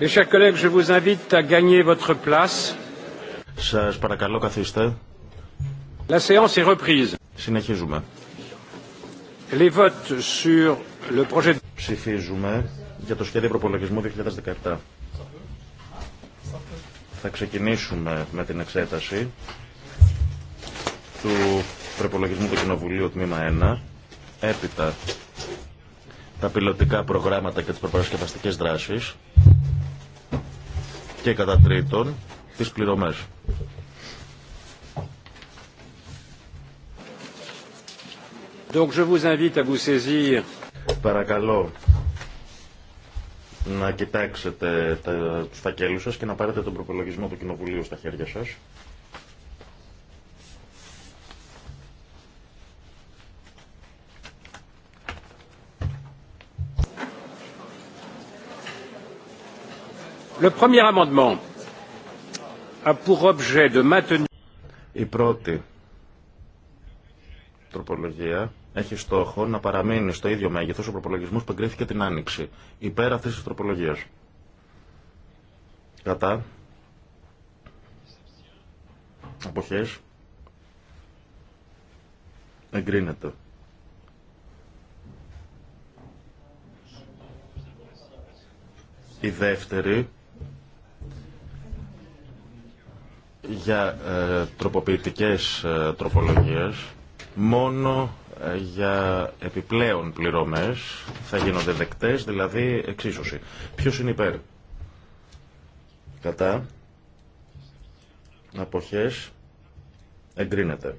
Mes chers collègues, je vous invite à gagner votre place. Σας παρακαλώ καθίστε. La séance est reprise. Συνεχίζουμε. Les votes sur le projet... Ψηφίζουμε για το σχέδιο προπολογισμού 2017. Θα ξεκινήσουμε με την εξέταση του προπολογισμού του Κοινοβουλίου τμήμα 1. Έπειτα τα πιλωτικά προγράμματα και τις προπαρασκευαστικές δράσεις και κατά τρίτον τις πληρωμές. Donc je vous invite à vous saisir. Παρακαλώ να κοιτάξετε τα, τους φακέλους σας και να πάρετε τον προπολογισμό του Κοινοβουλίου στα χέρια σας. Le premier amendement a pour objet Η πρώτη τροπολογία έχει στόχο να παραμείνει στο ίδιο μέγεθο ο προπολογισμό που εγκρίθηκε την Άνοιξη, υπέρ αυτή τη τροπολογία. Κατά. Αποχέ. Εγκρίνεται. Η δεύτερη για ε, τροποποιητικές ε, τροπολογίες μόνο ε, για επιπλέον πληρωμές θα γίνονται δεκτές, δηλαδή εξίσωση. Ποιος είναι υπέρ. Κατά. Αποχές. Εγκρίνεται.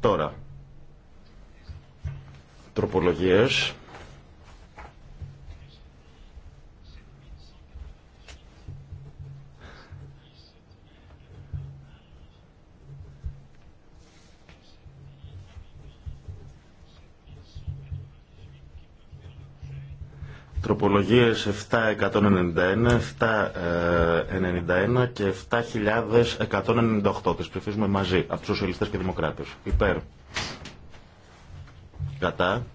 Τώρα. Τροπολογίες Τροπολογίες 791, 791 ε, και 7198. Τις ψηφίζουμε μαζί από τους σοσιαλιστές και δημοκράτες. Υπέρ. Κατά.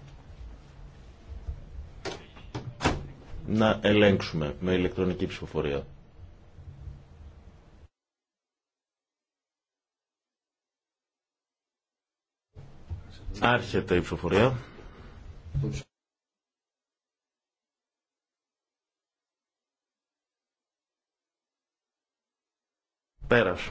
Να ελέγξουμε με ηλεκτρονική ψηφοφορία. Άρχεται η ψηφοφορία. Πέρας.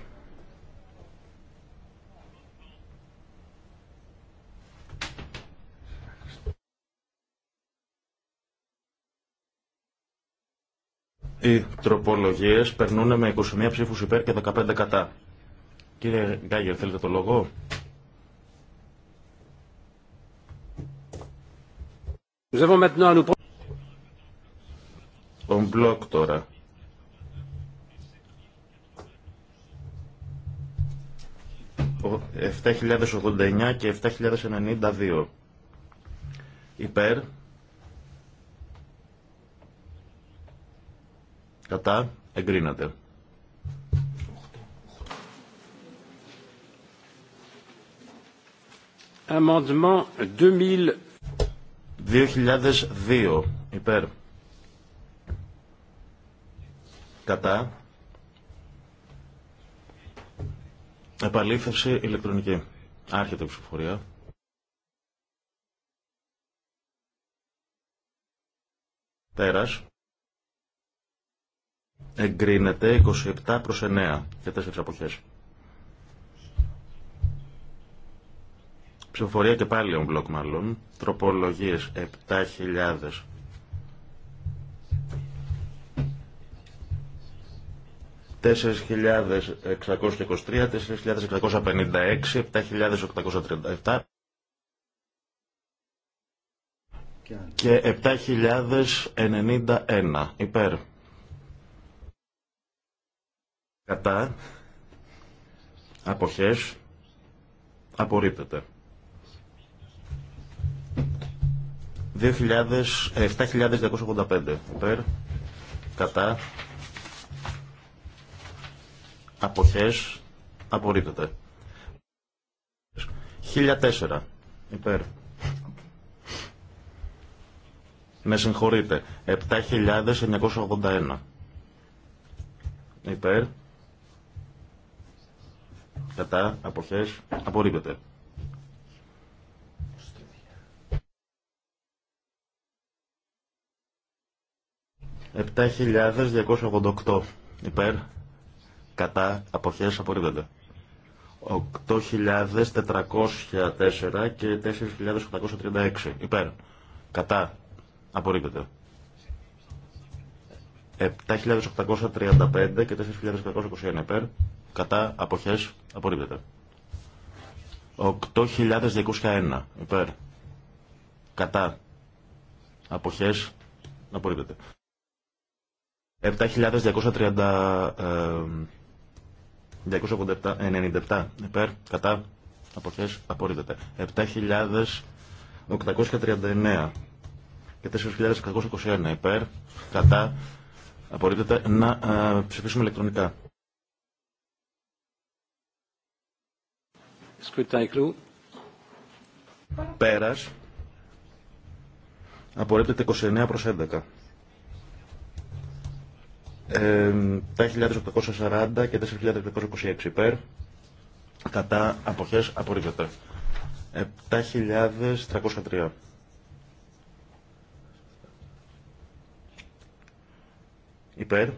Οι τροπολογίες περνούν με 21 ψήφους υπέρ και 15 κατά. Κύριε Γκάγερ, θέλετε το λόγο. Nous avons maintenant à Ο μπλοκ τώρα. 7089 και 7092. Υπέρ. Κατά. Amendement 2000... 2002. Υπέρ. Κατά. Επαλήθευση ηλεκτρονική. Άρχεται η ψηφοφορία. Τέρας. Εγκρίνεται 27 προς 9 για 4 αποχές. Ψηφοφορία και πάλι ο μπλοκ μάλλον. Τροπολογίες 7.000 4.623, 4.656, 7.837 και 7.091 υπέρ. Κατά αποχές απορρίπτεται. 7.285 ε, υπέρ. Κατά Αποχές. Απορρίπτεται. 1004. Υπέρ. Με συγχωρείτε. 7.981. Υπέρ. Κατά. Αποχές. Απορρίπτεται. Επτά υπέρ κατά αποχές απορρίπτεται. 8.404 και 4.836 υπέρ κατά απορρίπτεται. 7.835 και 4.821 υπέρ κατά αποχές απορρίπτεται. 8.201 υπέρ κατά αποχές απορρίπτεται. 7.230 297 υπέρ, κατά, αποχές, απορρίπτεται. 7.839 και 4.821 υπέρ, κατά, απορρίπτεται. Να ε, ψηφίσουμε ηλεκτρονικά. Πέρας. Απορρίπτεται 29 προς 11. 7.840 και 4.826 υπέρ. Κατά αποχές απορρίβεται. 7.303. Ε, υπέρ,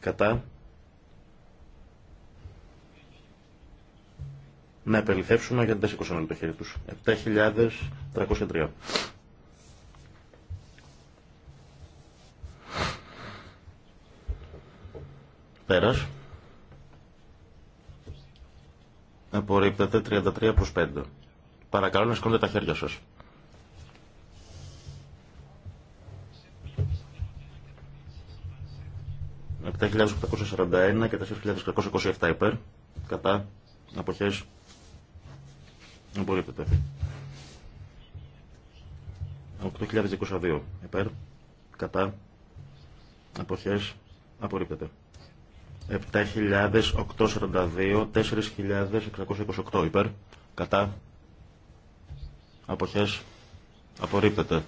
κατά, να επεληθεύσουμε για δεν όλοι το χέρι τους. 7.303. Ε, Πέρας. Απορρίπτεται 33 προς 5. Παρακαλώ να σκόνετε τα χέρια σας. Τα 1841 και 4.327 υπέρ. Κατά. Αποχές. Απορρίπτεται. 8.202 υπέρ. Κατά. Αποχές. Απορρίπτεται. 7.842, 4.628 υπέρ, κατά, αποχές, απορρίπτεται.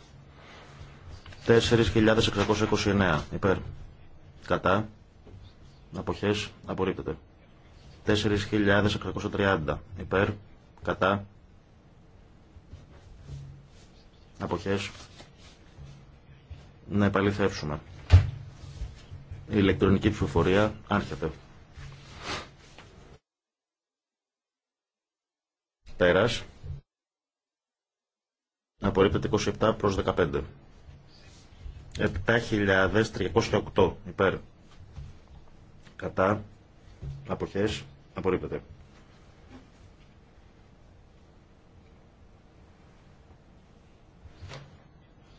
4.629 υπέρ, κατά, αποχές, απορρίπτεται. 4.630 υπέρ, κατά, αποχές, να επαληθεύσουμε. Η ηλεκτρονική ψηφοφορία άρχεται. Πέρας. Απορρίπτεται 27 προς 15. 7.308 υπέρ. Κατά. Αποχές. Απορρίπτεται.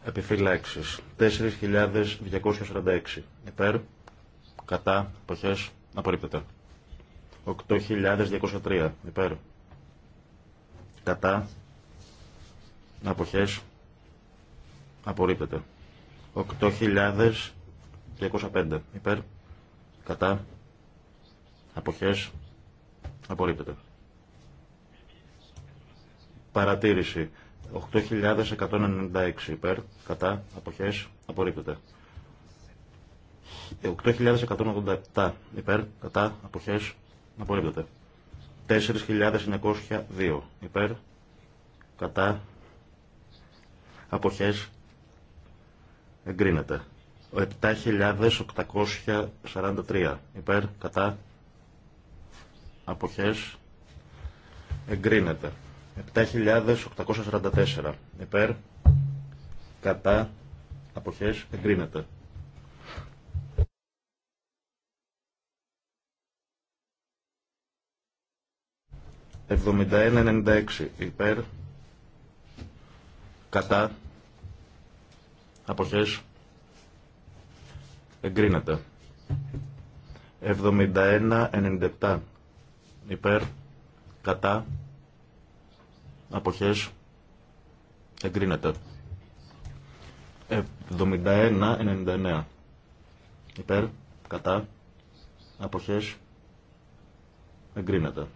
Επιφυλάξεις. 4.246 υπέρ. Κατά. Αποχές. Απορρίπτεται. 8.203. Υπέρ. Κατά. Αποχές. Απορρίπτεται. 8.205. Υπέρ. Κατά. Αποχές. Απορρίπτεται. Παρατήρηση. 8.196 υπέρ. Κατά. Αποχές. Απορρίπτεται. 8.187 ε, υπέρ, κατά, αποχές, απορρίπτεται. 4.902 υπέρ, κατά, αποχές, εγκρίνεται. 7.843 υπέρ, κατά, αποχές, εγκρίνεται. 7.844 υπέρ, κατά, αποχές, εγκρίνεται. 71-96 υπέρ κατά αποχές εγκρίνεται 71-97 υπέρ κατά αποχές εγκρίνεται 71-99 υπέρ κατά αποχές εγκρίνεται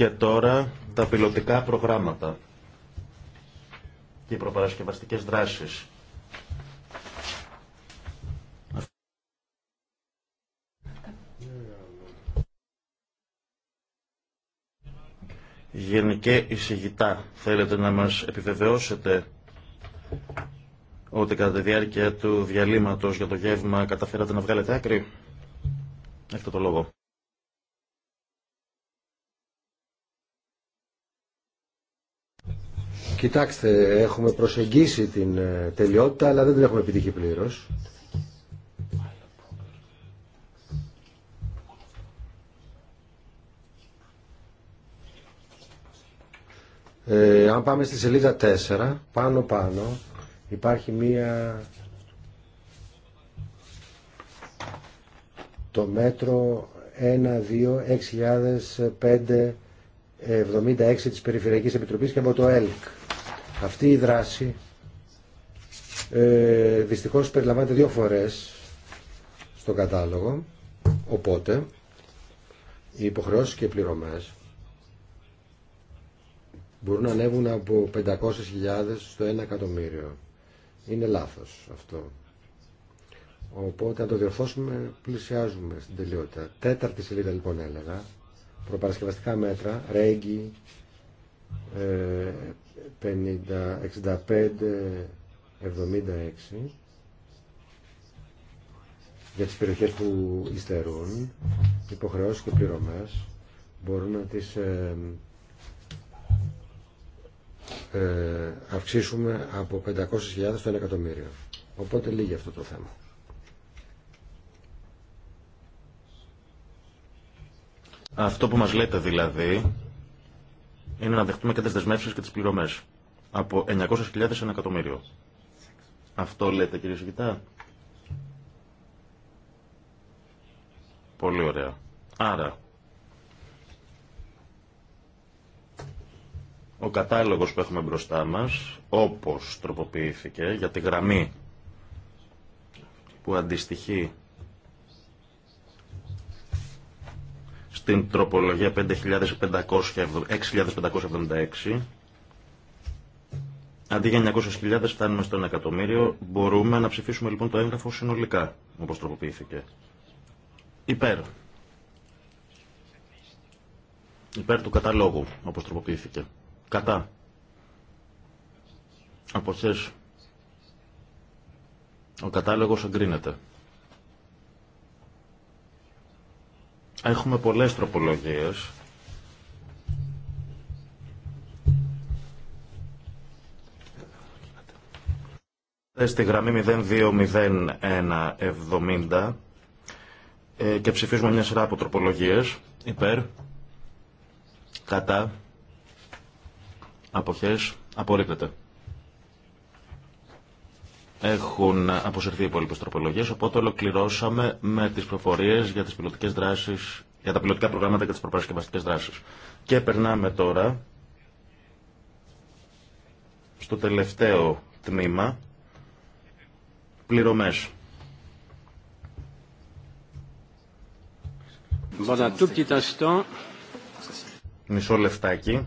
Και τώρα τα πιλωτικά προγράμματα και οι προπαρασκευαστικές δράσεις. Γενικέ εισηγητά, θέλετε να μας επιβεβαιώσετε ότι κατά τη διάρκεια του διαλύματος για το γεύμα καταφέρατε να βγάλετε άκρη. Έχετε το λόγο. Κοιτάξτε, έχουμε προσεγγίσει την ε, τελειότητα, αλλά δεν την έχουμε επιτύχει πλήρω. Ε, αν πάμε στη σελίδα 4, πάνω πάνω, υπάρχει μία... Το μέτρο 1, 2, 5 76 της Περιφερειακής Επιτροπής και από το ΕΛΚ. Αυτή η δράση ε, δυστυχώς περιλαμβάνεται δύο φορές στο κατάλογο, οπότε οι υποχρεώσεις και οι πληρωμές μπορούν να ανέβουν από 500.000 στο 1 εκατομμύριο. Είναι λάθος αυτό. Οπότε αν το διορθώσουμε πλησιάζουμε στην τελειότητα. Τέταρτη σελίδα λοιπόν έλεγα, προπαρασκευαστικά μέτρα, ρέγγι, ε, 65-76 για τις περιοχές που υστερούν υποχρεώσεις και πληρωμές μπορούν να τις ε, ε αυξήσουμε από 500.000 στο 1 εκατομμύριο. Οπότε λίγη αυτό το θέμα. Αυτό που μας λέτε δηλαδή είναι να δεχτούμε και τι δεσμεύσει και τι πληρωμέ. Από 900.000 σε ένα εκατομμύριο. Αυτό λέτε κύριε Σιγητά. Πολύ ωραία. Άρα, ο κατάλογος που έχουμε μπροστά μας, όπως τροποποιήθηκε για τη γραμμή που αντιστοιχεί στην τροπολογία 6.576. Αντί για 900.000 φτάνουμε 1 εκατομμύριο. Μπορούμε να ψηφίσουμε λοιπόν το έγγραφο συνολικά, όπως τροποποιήθηκε. Υπέρ. Υπέρ του καταλόγου, όπως τροποποιήθηκε. Κατά. θες Ο κατάλογος εγκρίνεται. Έχουμε πολλές τροπολογίες. Ε, στη γραμμή 020170 ε, και ψηφίζουμε μια σειρά από τροπολογίες υπέρ, κατά, αποχές, απορρίπτεται. Έχουν αποσυρθεί οι υπόλοιπε τροπολογίε, οπότε ολοκληρώσαμε με τι προφορίε για τι πιλωτικέ δράσει, για τα πιλωτικά προγράμματα και τι προπαρασκευαστικέ δράσει. Και περνάμε τώρα στο τελευταίο τμήμα, πληρωμέ. Μισό λεφτάκι.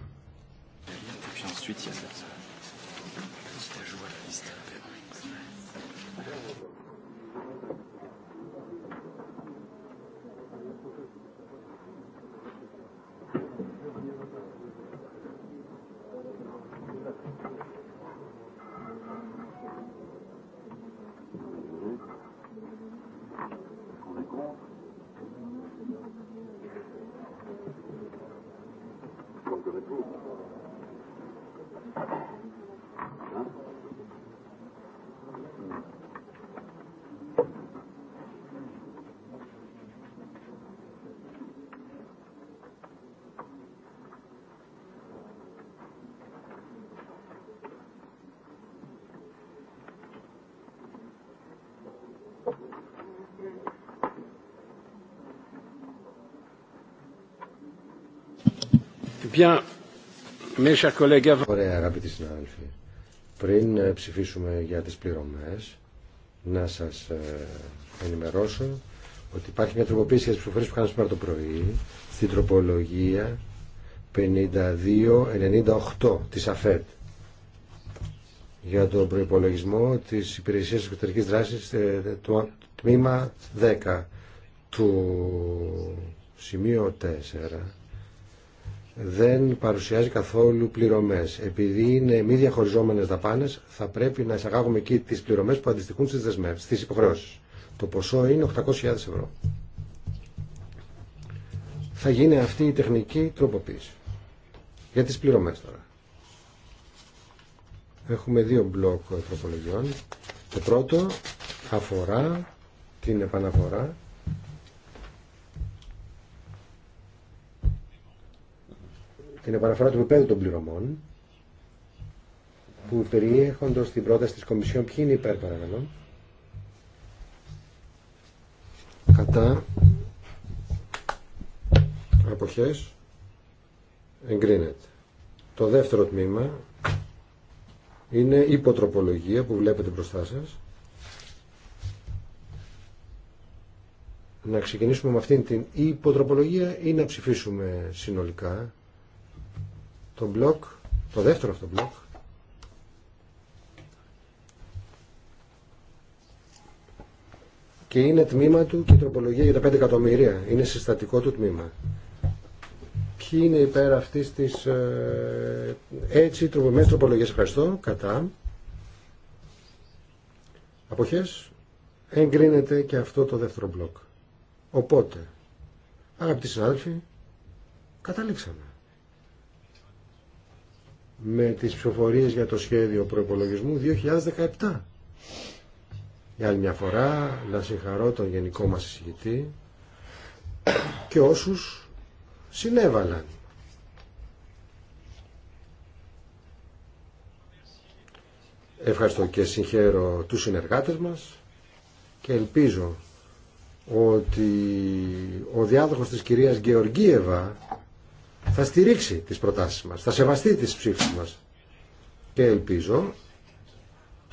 Ωραία αγαπητοί συνάδελφοι. Πριν ε, ψηφίσουμε για τις πληρωμές, να σας ε, ενημερώσω ότι υπάρχει μια τροποποίηση για τις ψηφοφορίες που κάνουμε σήμερα το πρωί στην τροπολογία 52-98 της ΑΦΕΤ για τον προϋπολογισμό της υπηρεσίας εξωτερικής δράσης ε, το τμήμα 10 του σημείο 4 δεν παρουσιάζει καθόλου πληρωμέ. Επειδή είναι μη διαχωριζόμενε δαπάνε, θα πρέπει να εισαγάγουμε εκεί τις πληρωμές που αντιστοιχούν στις, δεσμεύσει, στις υποχρεώσει. Το ποσό είναι 800.000 ευρώ. Θα γίνει αυτή η τεχνική τροποποίηση. Για τις πληρωμές τώρα. Έχουμε δύο μπλοκ τροπολογιών. Το πρώτο αφορά την επαναφορά την επαναφορά του επίπεδου των πληρωμών που περιέχονται στην πρόταση της Κομισιόν ποιοι είναι υπέρ παρακαλώ κατά αποχές εγκρίνεται το δεύτερο τμήμα είναι υποτροπολογία που βλέπετε μπροστά σας να ξεκινήσουμε με αυτήν την υποτροπολογία ή να ψηφίσουμε συνολικά το μπλοκ, το δεύτερο αυτό μπλοκ, και είναι τμήμα του και η τροπολογία για τα 5 εκατομμύρια. Είναι συστατικό του τμήμα. Ποιοι είναι υπέρ αυτή τη ε, έτσι τροποποιημένη τροπολογία. Ευχαριστώ. Κατά. Αποχέ. Εγκρίνεται και αυτό το δεύτερο μπλοκ. Οπότε, αγαπητοί συνάδελφοι, καταλήξαμε με τις ψηφοφορίες για το σχέδιο προϋπολογισμού 2017. Για άλλη μια φορά να συγχαρώ τον γενικό μας εισηγητή και όσους συνέβαλαν. Ευχαριστώ και συγχαίρω τους συνεργάτες μας και ελπίζω ότι ο διάδοχος της κυρίας Γεωργίεβα θα στηρίξει τις προτάσεις μας, θα σεβαστεί τις ψήφους μας. Και ελπίζω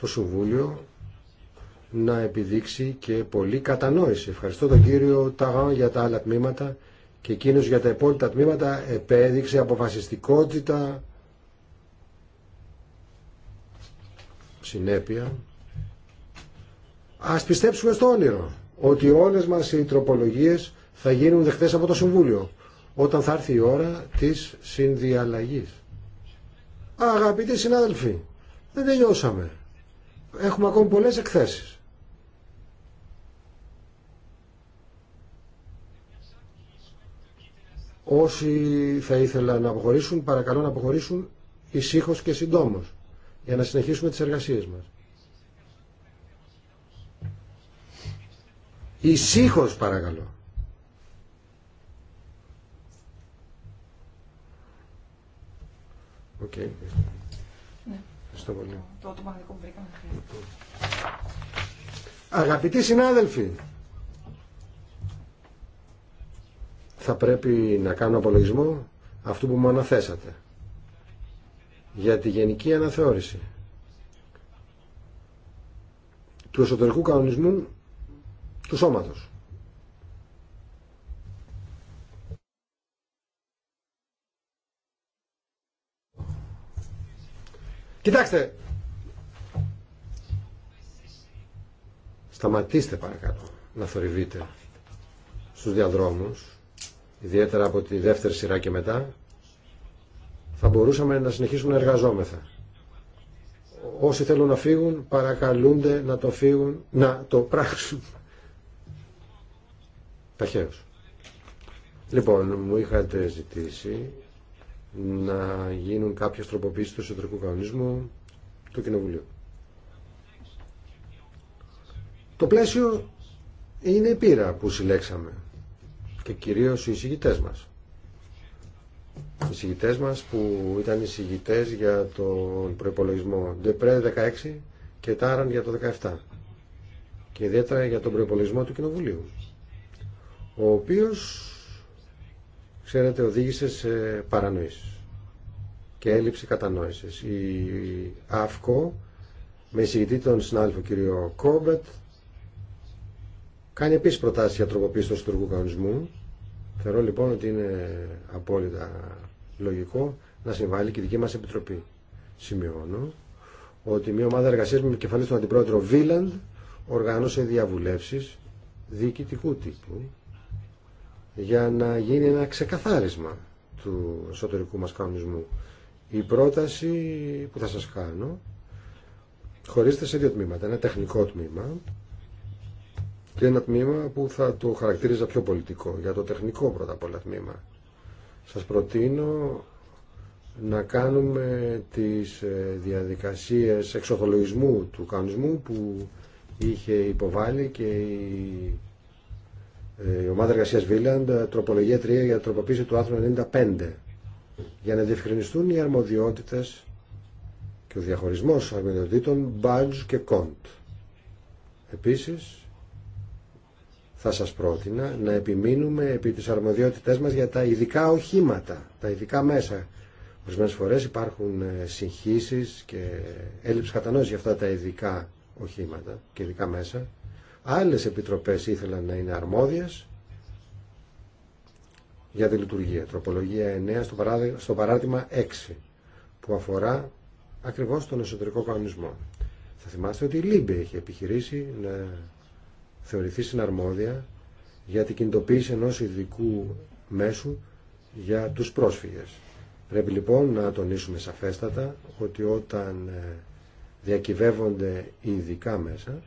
το Συμβούλιο να επιδείξει και πολύ κατανόηση. Ευχαριστώ τον κύριο Ταγάν για τα άλλα τμήματα και εκείνος για τα υπόλοιπα τμήματα επέδειξε αποφασιστικότητα, συνέπεια. Ας πιστέψουμε στο όνειρο ότι όλες μας οι τροπολογίες θα γίνουν δεχτές από το Συμβούλιο όταν θα έρθει η ώρα της συνδιαλλαγής. Αγαπητοί συνάδελφοι, δεν τελειώσαμε. Έχουμε ακόμη πολλές εκθέσεις. Όσοι θα ήθελαν να αποχωρήσουν, παρακαλώ να αποχωρήσουν ησύχως και συντόμως για να συνεχίσουμε τις εργασίες μας. Ησύχως παρακαλώ. Okay. Ναι. βρήκαμε. Αγαπητοί συνάδελφοι, θα πρέπει να κάνω απολογισμό αυτού που μου αναθέσατε για τη γενική αναθεώρηση του εσωτερικού κανονισμού του σώματος. Κοιτάξτε. Σταματήστε παρακαλώ να θορυβείτε στους διαδρόμους, ιδιαίτερα από τη δεύτερη σειρά και μετά, θα μπορούσαμε να συνεχίσουμε να εργαζόμεθα. Όσοι θέλουν να φύγουν, παρακαλούνται να το φύγουν, να το πράξουν. Ταχαίως. Λοιπόν, μου είχατε ζητήσει να γίνουν κάποιες τροποποίησεις του εσωτερικού κανονισμού του Κοινοβουλίου. Το πλαίσιο είναι η πείρα που συλλέξαμε και κυρίως οι εισηγητές μας. Οι εισηγητές μας που ήταν εισηγητές για τον προϋπολογισμό Ντεπρέ 16 και Τάραν για το 17 και ιδιαίτερα για τον προϋπολογισμό του Κοινοβουλίου ο οποίος ξέρετε, οδήγησε σε παρανοήσει και έλλειψη κατανόηση. Η ΑΦΚΟ, με εισηγητή τον συνάδελφο κ. Κόμπετ, κάνει επίση προτάσει για τροποποίηση του ιστορικού κανονισμού. Θεωρώ λοιπόν ότι είναι απόλυτα λογικό να συμβάλλει και η δική μας Επιτροπή. Σημειώνω ότι μια ομάδα εργασία με κεφαλή στον αντιπρόεδρο Βίλαντ οργάνωσε διαβουλεύσει διοικητικού τύπου για να γίνει ένα ξεκαθάρισμα του εσωτερικού μας κανονισμού. Η πρόταση που θα σας κάνω χωρίζεται σε δύο τμήματα. Ένα τεχνικό τμήμα και ένα τμήμα που θα το χαρακτήριζα πιο πολιτικό. Για το τεχνικό πρώτα απ' όλα τμήμα. Σας προτείνω να κάνουμε τις ε, διαδικασίες εξοχολογισμού του κανονισμού που είχε υποβάλει και η ε, η ομάδα εργασία Βίλαντ, ε, τροπολογία 3 για τροποποίηση του άρθρου 95 για να διευκρινιστούν οι αρμοδιότητε και ο διαχωρισμός αρμοδιοτήτων badge και κοντ. Επίση θα σας πρότεινα να επιμείνουμε επί τις αρμοδιότητές μας για τα ειδικά οχήματα, τα ειδικά μέσα. Ορισμένες φορές υπάρχουν ε, συγχύσεις και έλλειψη κατανόηση για αυτά τα ειδικά οχήματα και ειδικά μέσα. Άλλες επιτροπές ήθελαν να είναι αρμόδιες για τη λειτουργία. Τροπολογία 9 στο, παράδειγμα, 6 που αφορά ακριβώς τον εσωτερικό κανονισμό. Θα θυμάστε ότι η Λίμπη έχει επιχειρήσει να θεωρηθεί συναρμόδια για την κινητοποίηση ενός ειδικού μέσου για τους πρόσφυγες. Πρέπει λοιπόν να τονίσουμε σαφέστατα ότι όταν ε, διακυβεύονται ειδικά μέσα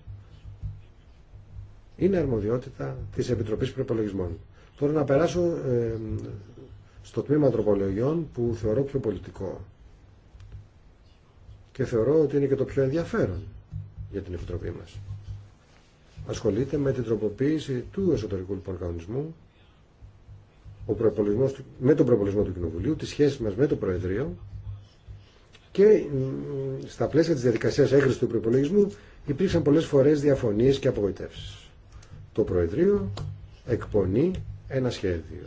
είναι αρμοδιότητα τη επιτροπή Προπολογισμών. Τώρα να περάσω στο τμήμα τροπολογιών που θεωρώ πιο πολιτικό και θεωρώ ότι είναι και το πιο ενδιαφέρον για την Επιτροπή μα. Ασχολείται με την τροποποίηση του εσωτερικού λοιπόν με τον προπολογισμό του Κοινοβουλίου, τη σχέση μα με το Προεδρείο και στα πλαίσια τη διαδικασία έγκριση του προπολογισμού υπήρξαν πολλέ φορέ διαφωνίε και απογοητεύσει το Προεδρείο εκπονεί ένα σχέδιο.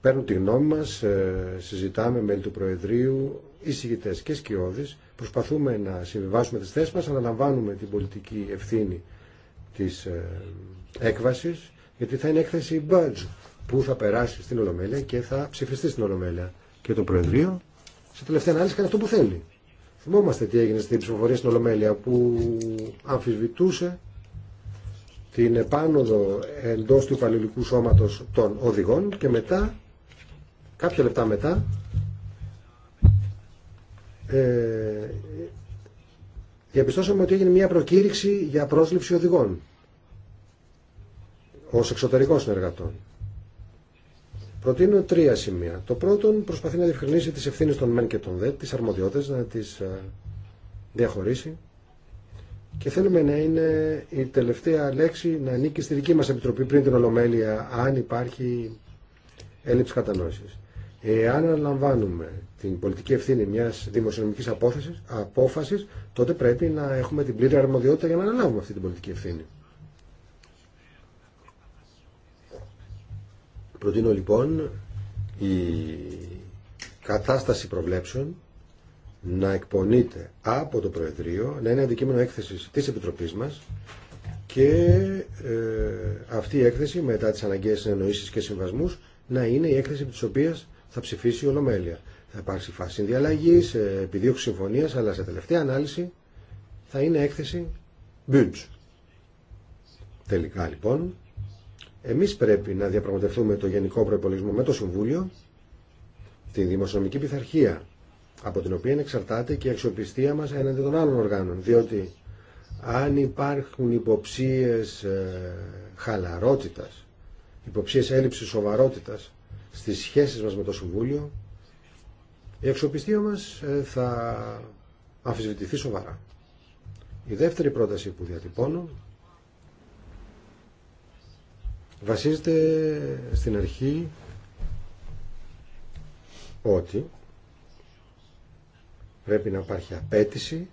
Παίρνουν τη γνώμη μας, ε, συζητάμε μέλη του Προεδρείου, εισηγητέ και σκιώδεις, προσπαθούμε να συμβιβάσουμε τις θέσεις μας, αναλαμβάνουμε την πολιτική ευθύνη της ε, έκβασης, γιατί θα είναι έκθεση μπάτζου που θα περάσει στην Ολομέλεια και θα ψηφιστεί στην Ολομέλεια. Και το Προεδρείο, σε τελευταία ανάλυση, κάνει αυτό που θέλει. Θυμόμαστε τι έγινε στην ψηφοφορία στην Ολομέλεια που αμφισβητούσε την επάνωδο εντός του υπαλληλικού σώματος των οδηγών και μετά, κάποια λεπτά μετά, ε, διαπιστώσαμε ότι έγινε μια προκήρυξη για πρόσληψη οδηγών ως εξωτερικών συνεργατών. Προτείνω τρία σημεία. Το πρώτο προσπαθεί να διευκρινίσει τις ευθύνες των μεν και των δε, τις αρμοδιότητες, να τις ε, διαχωρίσει και θέλουμε να είναι η τελευταία λέξη να ανήκει στη δική μας επιτροπή πριν την Ολομέλεια, αν υπάρχει έλλειψη κατανόησης. Εάν αναλαμβάνουμε την πολιτική ευθύνη μιας δημοσιονομικής απόφασης, τότε πρέπει να έχουμε την πλήρη αρμοδιότητα για να αναλάβουμε αυτή την πολιτική ευθύνη. Προτείνω λοιπόν η κατάσταση προβλέψεων να εκπονείται από το Προεδρείο, να είναι αντικείμενο έκθεσης της Επιτροπής μας και ε, αυτή η έκθεση μετά τις αναγκαίες συνεννοήσεις και συμβασμούς να είναι η έκθεση τη οποίας θα ψηφίσει η Ολομέλεια. Θα υπάρξει φάση συνδιαλλαγής, ε, επιδίωξη συμφωνία, αλλά σε τελευταία ανάλυση θα είναι έκθεση Bunch. Τελικά λοιπόν, εμείς πρέπει να διαπραγματευτούμε το Γενικό Προϋπολογισμό με το Συμβούλιο, τη Δημοσιονομική Πειθαρχία από την οποία εξαρτάται και η αξιοπιστία μας έναντι των άλλων οργάνων. Διότι αν υπάρχουν υποψίες ε, χαλαρότητας, υποψίες έλλειψης σοβαρότητας στις σχέσεις μας με το Συμβούλιο, η αξιοπιστία μας ε, θα αμφισβητηθεί σοβαρά. Η δεύτερη πρόταση που διατυπώνω βασίζεται στην αρχή ότι Πρέπει να υπάρχει απέτηση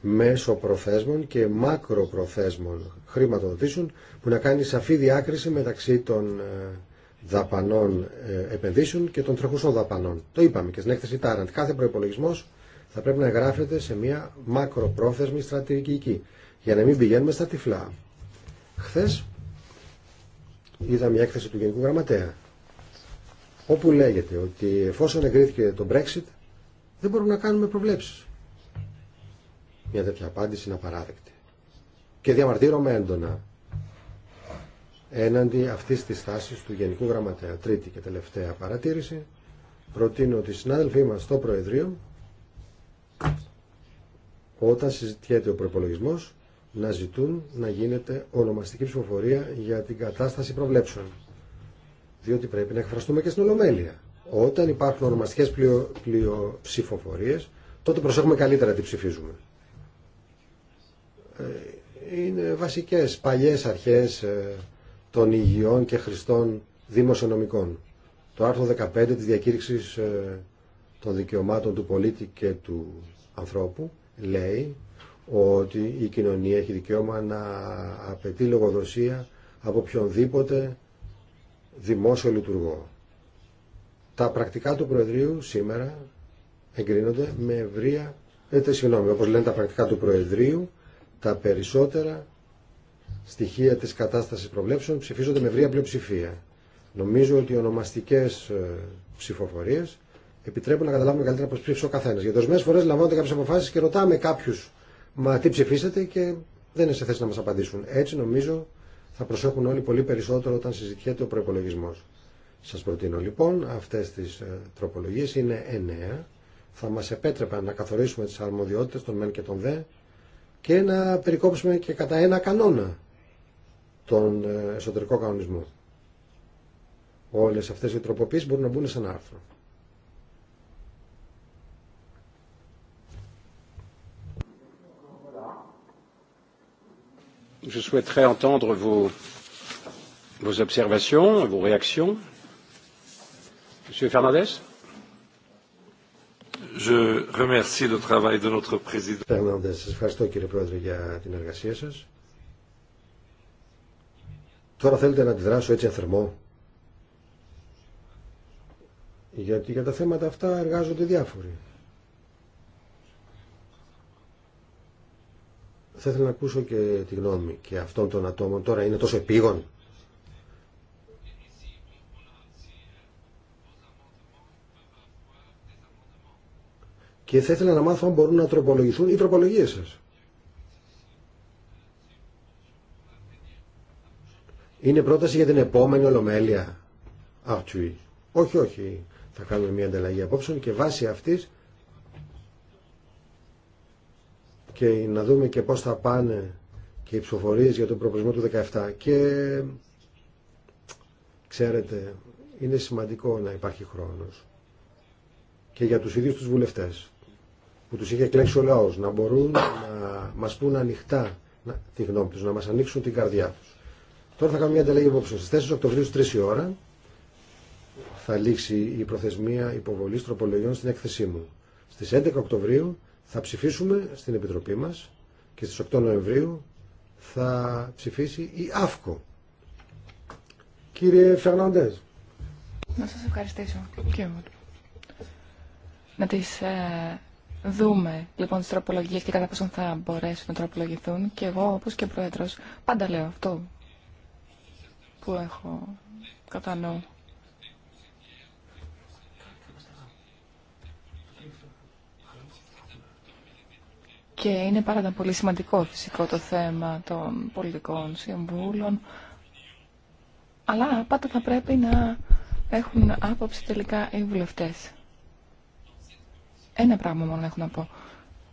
μέσω προθέσμων και μακροπροθέσμων χρηματοδοτήσεων που να κάνει σαφή διάκριση μεταξύ των ε, δαπανών ε, επενδύσεων και των τρεχουσών δαπανών. Το είπαμε και στην έκθεση Τάραντ. Κάθε προπολογισμό θα πρέπει να γράφεται σε μια μακροπρόθεσμη στρατηγική για να μην πηγαίνουμε στα τυφλά. Χθε είδα μια έκθεση του Γενικού Γραμματέα όπου λέγεται ότι εφόσον εγκρίθηκε το Brexit δεν μπορούμε να κάνουμε προβλέψεις. Μια τέτοια απάντηση είναι απαράδεκτη. Και διαμαρτύρομαι έντονα έναντι αυτής της στάσης του Γενικού Γραμματέα. Τρίτη και τελευταία παρατήρηση. Προτείνω ότι οι συνάδελφοί μας στο Προεδρείο όταν συζητιέται ο προπολογισμό να ζητούν να γίνεται ονομαστική ψηφοφορία για την κατάσταση προβλέψεων. Διότι πρέπει να εκφραστούμε και στην Ολομέλεια. Όταν υπάρχουν ονομαστικές πλειο, τότε προσέχουμε καλύτερα τι ψηφίζουμε. Ε, είναι βασικές παλιές αρχές ε, των υγιών και χρηστών δημοσιονομικών. Το άρθρο 15 της διακήρυξης ε, των δικαιωμάτων του πολίτη και του ανθρώπου λέει ότι η κοινωνία έχει δικαίωμα να απαιτεί λογοδοσία από οποιονδήποτε δημόσιο λειτουργό. Τα πρακτικά του Προεδρείου σήμερα εγκρίνονται με ευρεία, ε, συγγνώμη, Όπω λένε τα πρακτικά του Προεδρείου, τα περισσότερα στοιχεία της κατάστασης προβλέψεων ψηφίζονται με ευρεία πλειοψηφία. Νομίζω ότι οι ονομαστικές ε, ψηφοφορίες επιτρέπουν να καταλάβουμε καλύτερα πώ ψήφισε ο καθένα. Γιατί ορισμένε φορέ λαμβάνονται κάποιε αποφάσει και ρωτάμε κάποιου, μα τι ψηφίσατε και δεν είναι σε θέση να μα απαντήσουν. Έτσι νομίζω θα προσέχουν όλοι πολύ περισσότερο όταν συζητιέται ο προπολογισμό. Σας προτείνω λοιπόν αυτές τις ε, τροπολογίες είναι εννέα. Θα μας επέτρεπαν να καθορίσουμε τις αρμοδιότητες των μεν και των δε και να περικόψουμε και κατά ένα κανόνα τον ε, εσωτερικό κανονισμό. Όλες αυτές οι τροποποίησεις μπορούν να μπουν σε ένα άρθρο. Je souhaiterais entendre vos, vos observations, vos réactions. Monsieur Fernandez. ευχαριστώ κύριε Πρόεδρε για την εργασία σας. Τώρα θέλετε να αντιδράσω έτσι αθερμό. Γιατί για τα θέματα αυτά εργάζονται διάφοροι. Θα ήθελα να ακούσω και τη γνώμη και αυτών των ατόμων. Τώρα είναι τόσο επίγον και θα ήθελα να μάθω αν μπορούν να τροπολογηθούν οι τροπολογίες σας. Είναι πρόταση για την επόμενη Ολομέλεια. Αρτσουή. Όχι, όχι. Θα κάνουμε μια ανταλλαγή απόψεων και βάσει αυτής και να δούμε και πώς θα πάνε και οι ψηφοφορίες για τον προβλησμό του 17. Και ξέρετε, είναι σημαντικό να υπάρχει χρόνος και για τους ίδιους τους βουλευτές που τους είχε εκλέξει ο λαός, να μπορούν να μας πούν ανοιχτά τη γνώμη τους, να μας ανοίξουν την καρδιά τους. Τώρα θα κάνουμε μια ανταλλαγή υπόψεων. Στις 4 Οκτωβρίου στις 3 η ώρα θα λήξει η προθεσμία υποβολής τροπολογιών στην έκθεσή μου. Στις 11 Οκτωβρίου θα ψηφίσουμε στην Επιτροπή μας και στις 8 Νοεμβρίου θα ψηφίσει η ΑΦΚΟ. Κύριε Φερνάντες. Να σας ευχαριστήσω. Και εγώ. Να ε, δούμε λοιπόν τι τροπολογίε και κατά πόσο θα μπορέσουν να τροπολογηθούν και εγώ όπω και πρόεδρο, πάντα λέω αυτό που έχω κατά νου. Και είναι πάρα πολύ σημαντικό φυσικό το θέμα των πολιτικών συμβούλων, αλλά πάντα θα πρέπει να έχουν άποψη τελικά οι βουλευτές. Ένα πράγμα μόνο έχω να πω.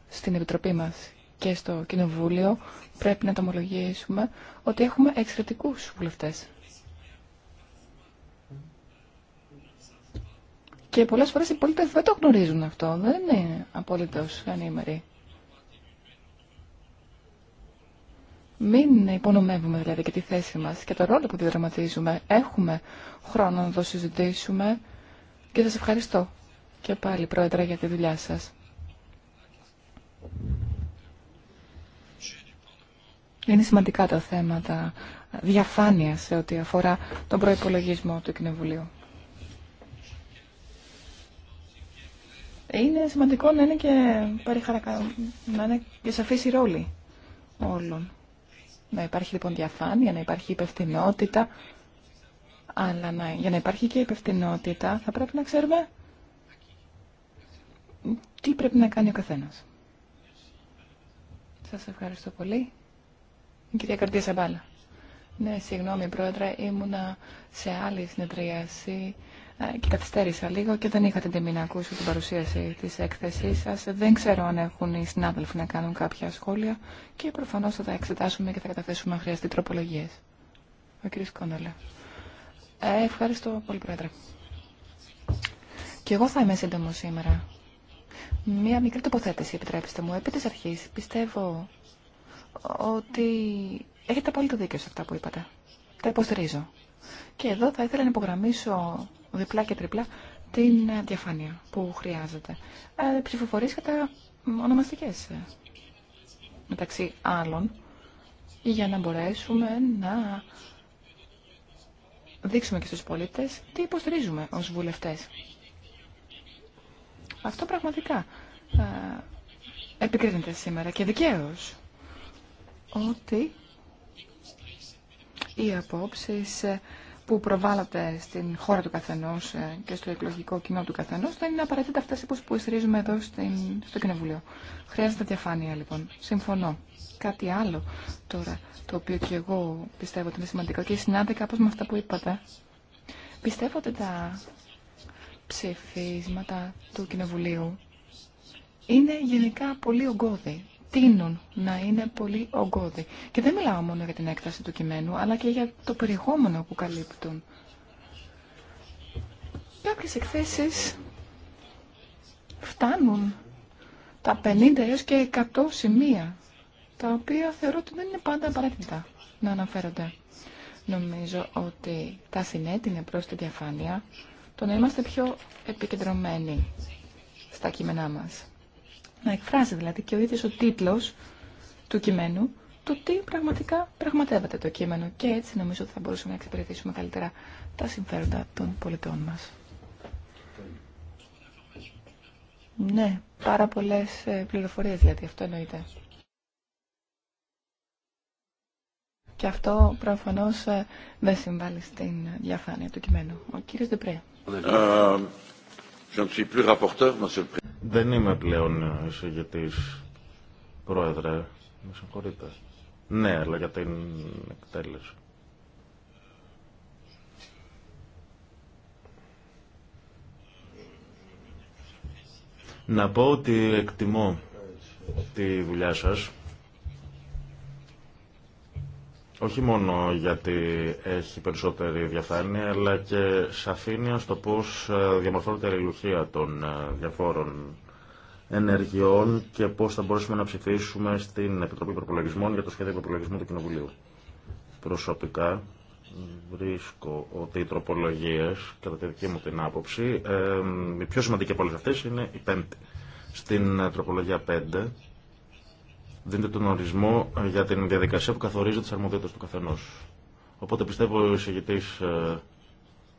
Στην Επιτροπή μας και στο Κοινοβούλιο πρέπει να το ομολογήσουμε ότι έχουμε εξαιρετικού βουλευτέ. Και πολλές φορές οι πολίτε δεν το γνωρίζουν αυτό. Δεν είναι απολύτω ανήμεροι. Μην υπονομεύουμε δηλαδή και τη θέση μας και το ρόλο που διδραματίζουμε. Έχουμε χρόνο να το συζητήσουμε και σας ευχαριστώ και πάλι, Πρόεδρε, για τη δουλειά σας. Είναι σημαντικά τα θέματα διαφάνεια σε ό,τι αφορά τον προϋπολογισμό του Κοινοβουλίου. Είναι σημαντικό να είναι και, παρηχαρακά, να είναι και σαφής η ρόλη όλων. Να υπάρχει λοιπόν διαφάνεια, να υπάρχει υπευθυνότητα, αλλά να... για να υπάρχει και υπευθυνότητα θα πρέπει να ξέρουμε τι πρέπει να κάνει ο καθένας. Σας ευχαριστώ πολύ. Η κυρία Καρδία Σαμπάλα. Ναι, συγγνώμη πρόεδρε, ήμουνα σε άλλη συνεδρίαση ε, και καθυστέρησα λίγο και δεν είχα την τιμή να ακούσω την παρουσίαση της έκθεσής σας. Δεν ξέρω αν έχουν οι συνάδελφοι να κάνουν κάποια σχόλια και προφανώς θα τα εξετάσουμε και θα καταθέσουμε αν χρειαστεί τροπολογίες. Ο κ. Κόντολα. Ε, ευχαριστώ πολύ πρόεδρε. Και εγώ θα είμαι σύντομο σήμερα. Μία μικρή τοποθέτηση, επιτρέψτε μου. Επί της αρχής, πιστεύω ότι έχετε απόλυτο δίκιο σε αυτά που είπατε. Τα υποστηρίζω. Και εδώ θα ήθελα να υπογραμμίσω διπλά και τριπλά την ε, διαφάνεια που χρειάζεται. Ε, κατά ονομαστικές ε, μεταξύ άλλων για να μπορέσουμε να δείξουμε και στους πολίτες τι υποστηρίζουμε ως βουλευτές. Αυτό πραγματικά ε, επικρίνεται σήμερα και δικαίω ότι οι απόψεις ε, που προβάλλονται στην χώρα του καθενός ε, και στο εκλογικό κοινό του καθενός δεν είναι απαραίτητα αυτέ που στηρίζουμε εδώ στο Κοινοβουλίο. Χρειάζεται διαφάνεια λοιπόν. Συμφωνώ. Κάτι άλλο τώρα, το οποίο και εγώ πιστεύω ότι είναι σημαντικό και συνάντηκα όπω με αυτά που είπατε. Πιστεύω ότι τα ψηφίσματα του Κοινοβουλίου είναι γενικά πολύ ογκώδη. Τίνουν να είναι πολύ ογκώδη. Και δεν μιλάω μόνο για την έκταση του κειμένου, αλλά και για το περιεχόμενο που καλύπτουν. Κάποιες εκθέσεις φτάνουν τα 50 έως και 100 σημεία, τα οποία θεωρώ ότι δεν είναι πάντα απαραίτητα να αναφέρονται. Νομίζω ότι τα συνέτεινε προς τη διαφάνεια το να είμαστε πιο επικεντρωμένοι στα κείμενά μας. Να εκφράζει δηλαδή και ο ίδιος ο τίτλος του κειμένου το τι πραγματικά πραγματεύεται το κείμενο και έτσι νομίζω ότι θα μπορούσαμε να εξυπηρετήσουμε καλύτερα τα συμφέροντα των πολιτών μας. Ναι, πάρα πολλές ε, πληροφορίες δηλαδή, αυτό εννοείται. Και αυτό προφανώς ε, δεν συμβάλλει στην διαφάνεια του κειμένου. Ο κύριος Ντεπρέα. Euh, Δεν είμαι πλέον ε, εισηγητής, πρόεδρε. Με συγχωρείτε. Ναι, αλλά για την εκτέλεση. Να πω ότι εκτιμώ τη δουλειά σας όχι μόνο γιατί έχει περισσότερη διαφάνεια, αλλά και σαφήνεια στο πώς ε, διαμορφώνεται η αλληλουχία των ε, διαφόρων ενεργειών και πώς θα μπορέσουμε να ψηφίσουμε στην Επιτροπή Προπολογισμών για το σχέδιο προπολογισμού του Κοινοβουλίου. Προσωπικά βρίσκω ότι οι τροπολογίες, κατά τη δική μου την άποψη, η ε, πιο σημαντική από όλες αυτές είναι η πέμπτη. Στην τροπολογία 5 δίνετε τον ορισμό ε, για την διαδικασία που καθορίζει τις αρμοδιότητες του καθενός. Οπότε πιστεύω ο εισηγητής, ε,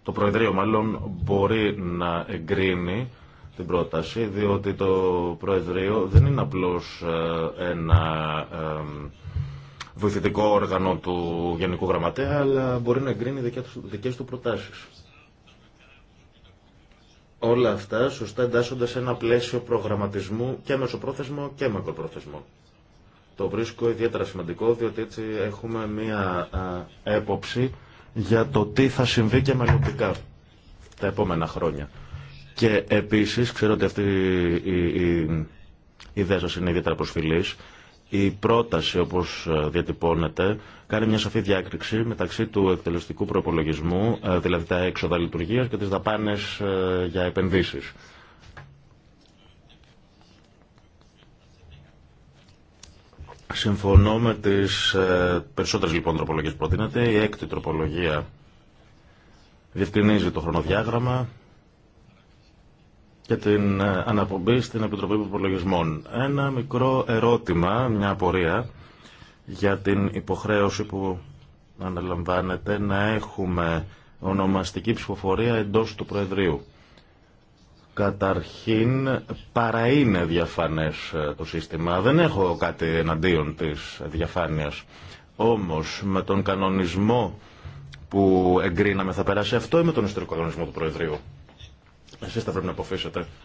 το Προεδρείο μάλλον, μπορεί να εγκρίνει την πρόταση, διότι το Προεδρείο δεν είναι απλώς ε, ένα βοηθητικό όργανο του Γενικού Γραμματέα, αλλά μπορεί να εγκρίνει δικέ του προτάσεις. Όλα αυτά σωστά εντάσσονται σε ένα πλαίσιο προγραμματισμού και μεσοπρόθεσμο και μακροπρόθεσμο. Το βρίσκω ιδιαίτερα σημαντικό διότι έτσι έχουμε μία έποψη για το τι θα συμβεί και μελλοντικά τα επόμενα χρόνια. Και επίσης, ξέρω ότι αυτή η ιδέα σας είναι ιδιαίτερα προσφυλής, η πρόταση όπως διατυπώνεται κάνει μια σαφή διάκριξη μεταξύ του εκτελεστικού προπολογισμού, δηλαδή τα έξοδα λειτουργίας και τις δαπάνες για επενδύσεις. Συμφωνώ με τις ε, περισσότερε λοιπόν τροπολογίε που Η έκτη τροπολογία διευκρινίζει το χρονοδιάγραμμα και την ε, αναπομπή στην Επιτροπή Προπολογισμών. Ένα μικρό ερώτημα, μια απορία για την υποχρέωση που αναλαμβάνεται να έχουμε ονομαστική ψηφοφορία εντός του Προεδρείου. Καταρχήν, παρά είναι διαφανές ε, το σύστημα. Δεν έχω κάτι εναντίον της διαφάνειας. Όμως, με τον κανονισμό που εγκρίναμε θα περάσει αυτό ή με τον ιστορικό κανονισμό του Προεδρείου. Εσείς θα πρέπει να,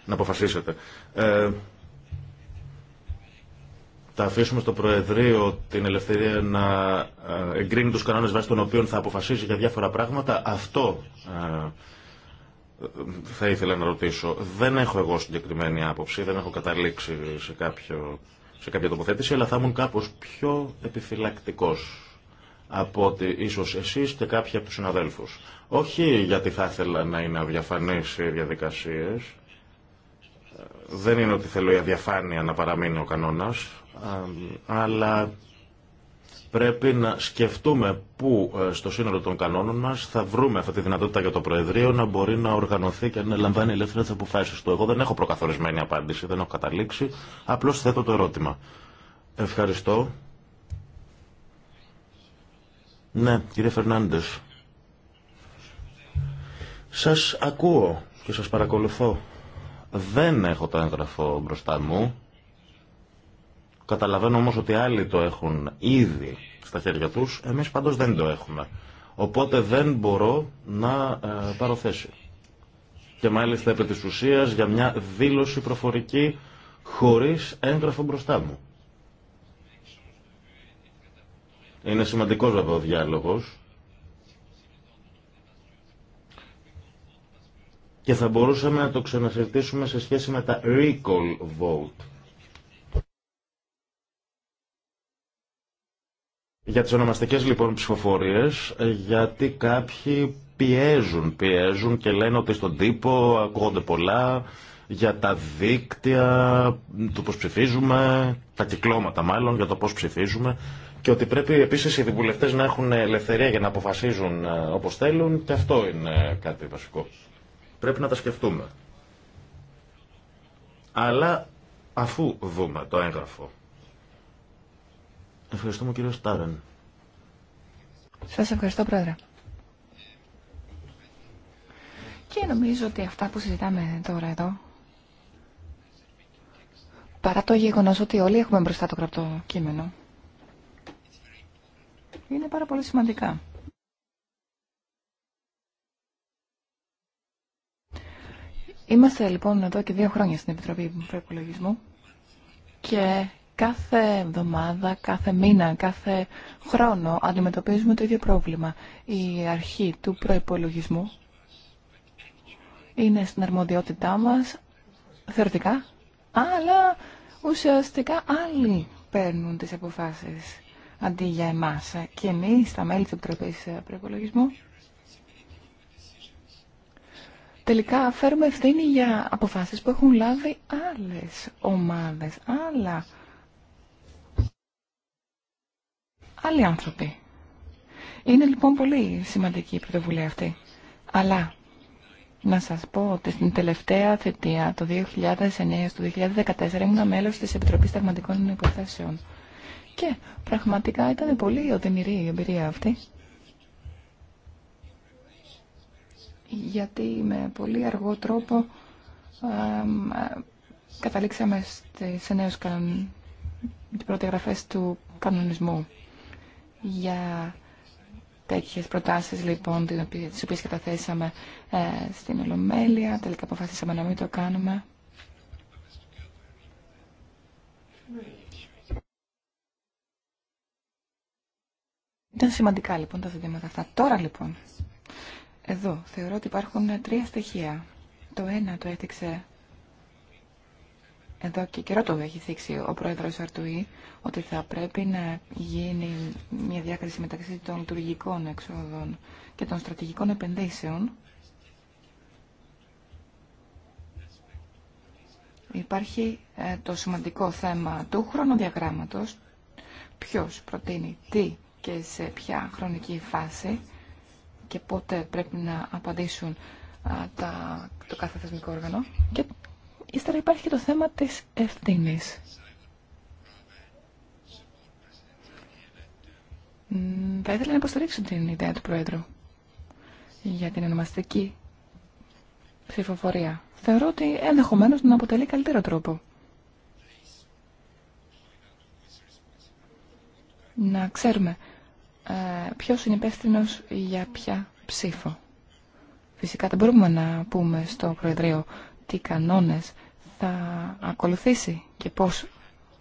να αποφασίσετε. Ε, θα αφήσουμε στο Προεδρείο την ελευθερία να ε, εγκρίνει τους κανόνες βάσει των οποίων θα αποφασίσει για διάφορα πράγματα. Αυτό ε, θα ήθελα να ρωτήσω. Δεν έχω εγώ συγκεκριμένη άποψη, δεν έχω καταλήξει σε, κάποιο, σε κάποια τοποθέτηση, αλλά θα ήμουν κάπως πιο επιφυλακτικός από ότι ίσως εσείς και κάποιοι από τους συναδέλφους. Όχι γιατί θα ήθελα να είναι αδιαφανείς οι διαδικασίες, δεν είναι ότι θέλω η αδιαφάνεια να παραμείνει ο κανόνας, αλλά Πρέπει να σκεφτούμε πού ε, στο σύνολο των κανόνων μα θα βρούμε αυτή τη δυνατότητα για το Προεδρείο να μπορεί να οργανωθεί και να λαμβάνει ελεύθερα τι αποφάσει του. Εγώ δεν έχω προκαθορισμένη απάντηση, δεν έχω καταλήξει. Απλώ θέτω το ερώτημα. Ευχαριστώ. Ναι, κύριε Φερνάντε. Σα ακούω και σα παρακολουθώ. Δεν έχω το έγγραφο μπροστά μου Καταλαβαίνω όμως ότι άλλοι το έχουν ήδη στα χέρια τους, εμείς πάντως δεν το έχουμε. Οπότε δεν μπορώ να ε, πάρω θέση. Και μάλιστα επί της ουσίας για μια δήλωση προφορική χωρίς έγγραφο μπροστά μου. Είναι σημαντικός βέβαια ο διάλογος. Και θα μπορούσαμε να το ξανασυρτήσουμε σε σχέση με τα recall vote Για τις ονομαστικές λοιπόν ψηφοφορίες, γιατί κάποιοι πιέζουν, πιέζουν και λένε ότι στον τύπο ακούγονται πολλά για τα δίκτυα, του πώς ψηφίζουμε, τα κυκλώματα μάλλον, για το πώς ψηφίζουμε και ότι πρέπει επίσης οι βουλευτές να έχουν ελευθερία για να αποφασίζουν ε, όπως θέλουν και αυτό είναι κάτι βασικό. Πρέπει να τα σκεφτούμε. Αλλά αφού δούμε το έγγραφο Ευχαριστούμε κύριο Στάρεν. Σας ευχαριστώ πρόεδρε. Και νομίζω ότι αυτά που συζητάμε τώρα εδώ, παρά το γεγονός ότι όλοι έχουμε μπροστά το γραπτό κείμενο, είναι πάρα πολύ σημαντικά. Είμαστε λοιπόν εδώ και δύο χρόνια στην Επιτροπή Προπολογισμού και Κάθε εβδομάδα, κάθε μήνα, κάθε χρόνο αντιμετωπίζουμε το ίδιο πρόβλημα. Η αρχή του προϋπολογισμού είναι στην αρμοδιότητά μας, θεωρητικά, αλλά ουσιαστικά άλλοι παίρνουν τις αποφάσεις αντί για εμάς. Και εμείς, τα μέλη της Επιτροπής Προϋπολογισμού, τελικά φέρουμε ευθύνη για αποφάσεις που έχουν λάβει άλλες ομάδες, άλλα άλλοι άνθρωποι. Είναι λοιπόν πολύ σημαντική η πρωτοβουλία αυτή. Αλλά να σας πω ότι στην τελευταία θετία, το 2009 στο 2014, ήμουν μέλος της Επιτροπής Ταγματικών Υποθέσεων. Και πραγματικά ήταν πολύ οδυνηρή η εμπειρία αυτή. Γιατί με πολύ αργό τρόπο α, καταλήξαμε στις νέους κανον... πρώτες γραφές του κανονισμού για τέτοιες προτάσεις λοιπόν τις οποίες καταθέσαμε ε, στην Ολομέλεια. Τελικά αποφασίσαμε να μην το κάνουμε. Ήταν σημαντικά λοιπόν τα ζητήματα αυτά. Τώρα λοιπόν, εδώ θεωρώ ότι υπάρχουν τρία στοιχεία. Το ένα το έδειξε εδώ και καιρό το έχει θίξει ο πρόεδρος Αρτουή ότι θα πρέπει να γίνει μια διάκριση μεταξύ των λειτουργικών εξόδων και των στρατηγικών επενδύσεων. Υπάρχει ε, το σημαντικό θέμα του χρονοδιαγράμματος, ποιος προτείνει τι και σε ποια χρονική φάση και πότε πρέπει να απαντήσουν ε, τα, το κάθε θεσμικό όργανο. Και Ύστερα υπάρχει και το θέμα της ευθύνη. Θα ήθελα να υποστηρίξω την ιδέα του Πρόεδρου για την ονομαστική ψηφοφορία. Θεωρώ ότι ενδεχομένως να αποτελεί καλύτερο τρόπο. Να ξέρουμε ε, ποιος είναι υπεύθυνο για ποια ψήφο. Φυσικά δεν μπορούμε να πούμε στο Προεδρείο τι κανόνες θα ακολουθήσει και πώς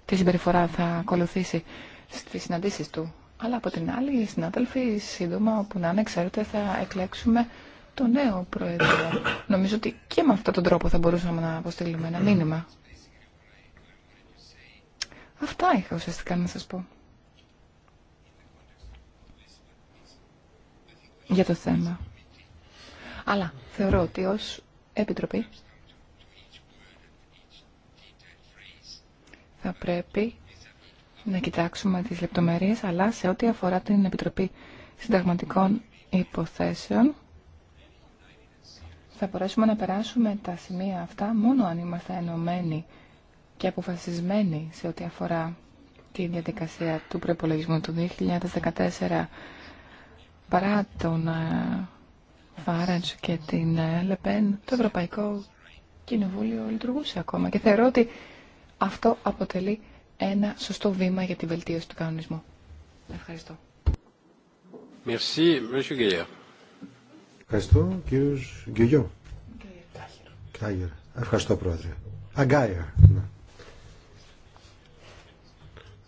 τη συμπεριφορά θα ακολουθήσει στις συναντήσεις του. Αλλά από την άλλη, οι συνάδελφοι σύντομα, όπου να είναι, ξέρετε, θα εκλέξουμε το νέο πρόεδρο. Νομίζω ότι και με αυτόν τον τρόπο θα μπορούσαμε να αποστείλουμε ένα μήνυμα. Αυτά είχα ουσιαστικά να σας πω. Για το θέμα. Αλλά θεωρώ ότι ως Επιτροπή θα πρέπει να κοιτάξουμε τις λεπτομέρειες, αλλά σε ό,τι αφορά την Επιτροπή Συνταγματικών Υποθέσεων, θα μπορέσουμε να περάσουμε τα σημεία αυτά μόνο αν είμαστε ενωμένοι και αποφασισμένοι σε ό,τι αφορά τη διαδικασία του προπολογισμού του 2014 παρά τον ε, Φάραντς και την ε, Λεπέν, το Ευρωπαϊκό Κοινοβούλιο λειτουργούσε ακόμα και θεωρώ ότι αυτό αποτελεί ένα σωστό βήμα για τη βελτίωση του κανονισμού. Ευχαριστώ. Merci, Monsieur Ευχαριστώ, κύριος Γκυγιό. Ευχαριστώ, πρόεδρε. Αγκάια. Ναι.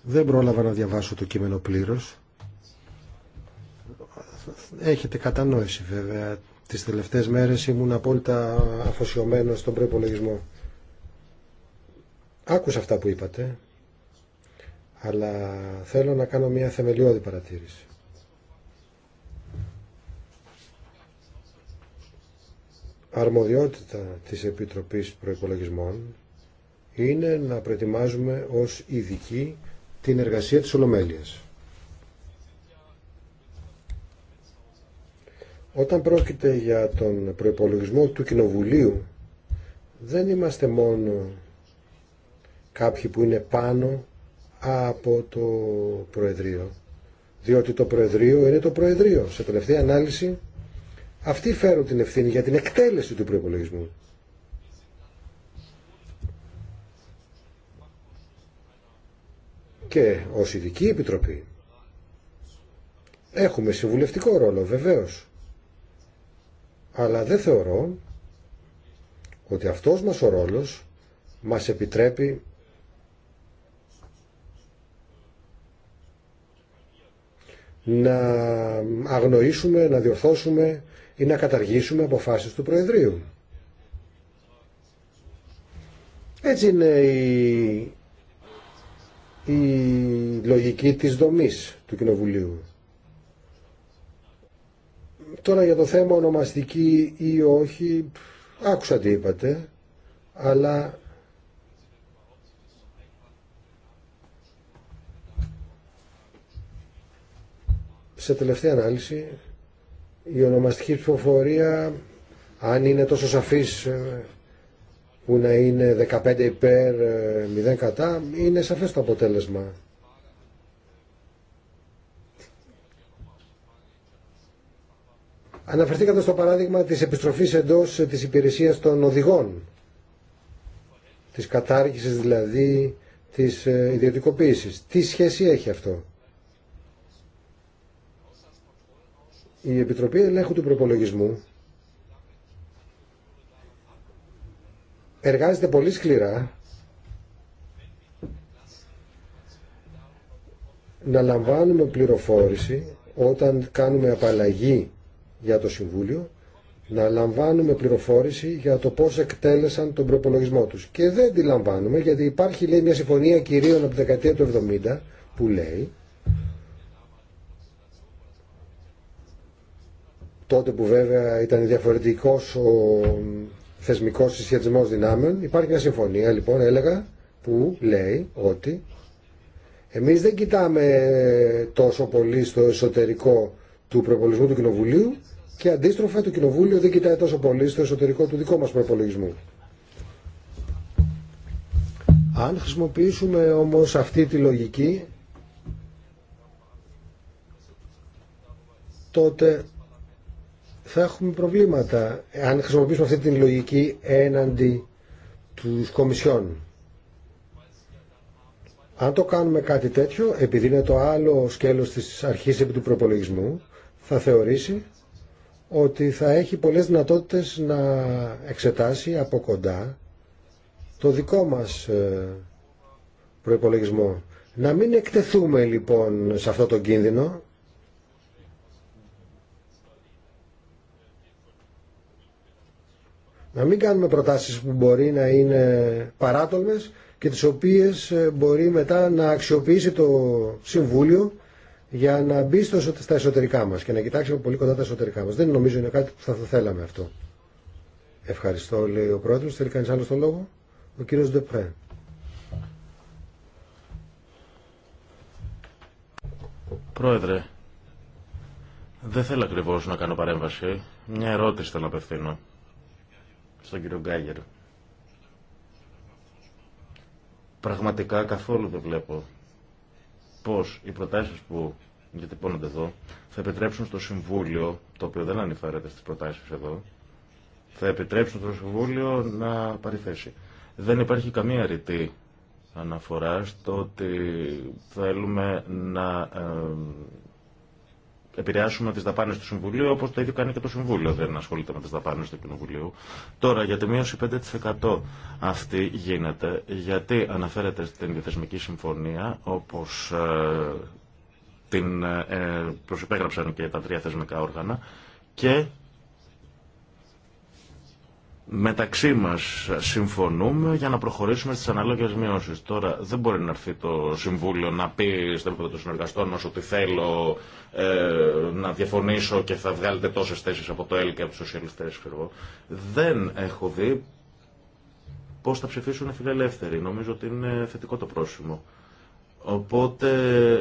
Δεν πρόλαβα να διαβάσω το κείμενο πλήρω. Έχετε κατανόηση, βέβαια. Τι τελευταίε μέρε ήμουν απόλυτα αφοσιωμένο στον προπολογισμό. Άκουσα αυτά που είπατε, αλλά θέλω να κάνω μια θεμελιώδη παρατήρηση. Αρμοδιότητα της Επιτροπής Προϋπολογισμών είναι να προετοιμάζουμε ως ειδική την εργασία της Ολομέλειας. Όταν πρόκειται για τον προϋπολογισμό του Κοινοβουλίου, δεν είμαστε μόνο κάποιοι που είναι πάνω από το Προεδρείο. Διότι το Προεδρείο είναι το Προεδρείο. Σε τελευταία ανάλυση αυτοί φέρουν την ευθύνη για την εκτέλεση του προπολογισμού. Και ως ειδική επιτροπή έχουμε συμβουλευτικό ρόλο βεβαίως. Αλλά δεν θεωρώ ότι αυτός μας ο ρόλος μας επιτρέπει να αγνοήσουμε, να διορθώσουμε ή να καταργήσουμε αποφάσεις του Προεδρείου. Έτσι είναι η, η λογική της δομής του Κοινοβουλίου. Τώρα για το θέμα ονομαστική ή όχι, άκουσα τι είπατε, αλλά σε τελευταία ανάλυση η ονομαστική ψηφοφορία αν είναι τόσο σαφής ε, που να είναι 15 υπέρ 0 ε, κατά είναι σαφές το αποτέλεσμα Αναφερθήκατε στο παράδειγμα της επιστροφής εντός ε, της υπηρεσίας των οδηγών της κατάργησης δηλαδή της ιδιωτικοποίησης τι σχέση έχει αυτό Η Επιτροπή Ελέγχου του Προπολογισμού εργάζεται πολύ σκληρά να λαμβάνουμε πληροφόρηση όταν κάνουμε απαλλαγή για το Συμβούλιο να λαμβάνουμε πληροφόρηση για το πώς εκτέλεσαν τον προπολογισμό τους. Και δεν τη λαμβάνουμε γιατί υπάρχει λέει μια συμφωνία κυρίων από τη δεκαετία του 70 που λέει τότε που βέβαια ήταν διαφορετικός ο θεσμικός συσχετισμός δυνάμεων. Υπάρχει μια συμφωνία λοιπόν έλεγα που λέει ότι εμείς δεν κοιτάμε τόσο πολύ στο εσωτερικό του προπολογισμού του Κοινοβουλίου και αντίστροφα το Κοινοβούλιο δεν κοιτάει τόσο πολύ στο εσωτερικό του δικό μας προπολογισμού. Αν χρησιμοποιήσουμε όμως αυτή τη λογική τότε θα έχουμε προβλήματα αν χρησιμοποιήσουμε αυτή την λογική έναντι τους κομισιών. Αν το κάνουμε κάτι τέτοιο, επειδή είναι το άλλο σκέλος της αρχής επί του προπολογισμού, θα θεωρήσει ότι θα έχει πολλές δυνατότητες να εξετάσει από κοντά το δικό μας ε, προϋπολογισμό. Να μην εκτεθούμε λοιπόν σε αυτό το κίνδυνο Να μην κάνουμε προτάσεις που μπορεί να είναι παράτολμες και τις οποίες ε, μπορεί μετά να αξιοποιήσει το Συμβούλιο για να μπει στα εσωτερικά μας και να κοιτάξουμε πολύ κοντά τα εσωτερικά μας. Δεν νομίζω είναι κάτι που θα το θέλαμε αυτό. Ευχαριστώ, λέει ο πρόεδρος. Θέλει κανείς άλλο τον λόγο. Ο κύριος Ντεπρέ. Πρόεδρε, δεν θέλω ακριβώ να κάνω παρέμβαση. Μια ερώτηση θέλω να απευθύνω στον κύριο Γκάγερ. Πραγματικά καθόλου δεν βλέπω πώς οι προτάσεις που διατυπώνονται εδώ θα επιτρέψουν στο Συμβούλιο, το οποίο δεν ανηφέρεται στις προτάσεις εδώ, θα επιτρέψουν στο Συμβούλιο να παρηθέσει. Δεν υπάρχει καμία ρητή αναφορά στο ότι θέλουμε να ε, επηρεάσουμε τι δαπάνε του Συμβουλίου, όπω το ίδιο κάνει και το Συμβούλιο. Δεν ασχολείται με τι δαπάνε του Κοινοβουλίου. Τώρα για τη μείωση 5% αυτή γίνεται γιατί αναφέρεται στην διαθεσμική συμφωνία, όπω ε, την ε, ε, προσυπέγραψαν και τα τρία θεσμικά όργανα και μεταξύ μας συμφωνούμε για να προχωρήσουμε στις ανάλογες μειώσεις. Τώρα δεν μπορεί να έρθει το Συμβούλιο να πει στον επίπεδο των συνεργαστών μας ότι θέλω ε, να διαφωνήσω και θα βγάλετε τόσες θέσεις από το ΕΛ και από τους σοσιαλιστές. Δεν έχω δει πώς θα ψηφίσουν οι φιλελεύθεροι. Νομίζω ότι είναι θετικό το πρόσημο. Οπότε,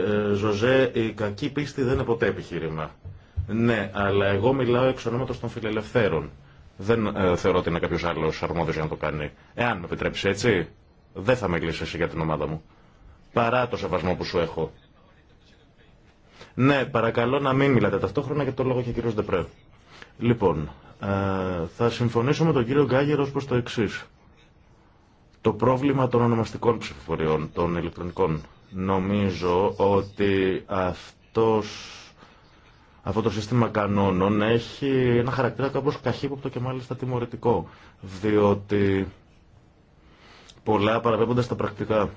ε, Ζωζέ, η κακή πίστη δεν είναι ποτέ επιχείρημα. Ναι, αλλά εγώ μιλάω εξ ονόματος των φιλελευθέρων. Δεν ε, θεωρώ ότι είναι κάποιο άλλο αρμόδιο για να το κάνει. Εάν με επιτρέψει έτσι, δεν θα μιλήσει εσύ για την ομάδα μου. Παρά το σεβασμό που σου έχω. Ναι, παρακαλώ να μην μιλάτε ταυτόχρονα για το λόγο και ο κύριο Ντεπρέ. Λοιπόν, ε, θα συμφωνήσω με τον κύριο Γκάγερ προ το εξή. Το πρόβλημα των ονομαστικών ψηφοφοριών, των ηλεκτρονικών. Νομίζω ότι αυτός αυτό το σύστημα κανόνων έχει ένα χαρακτήρα κάπως καχύποπτο και μάλιστα τιμωρητικό, διότι πολλά παραπέμπονται στα πρακτικά.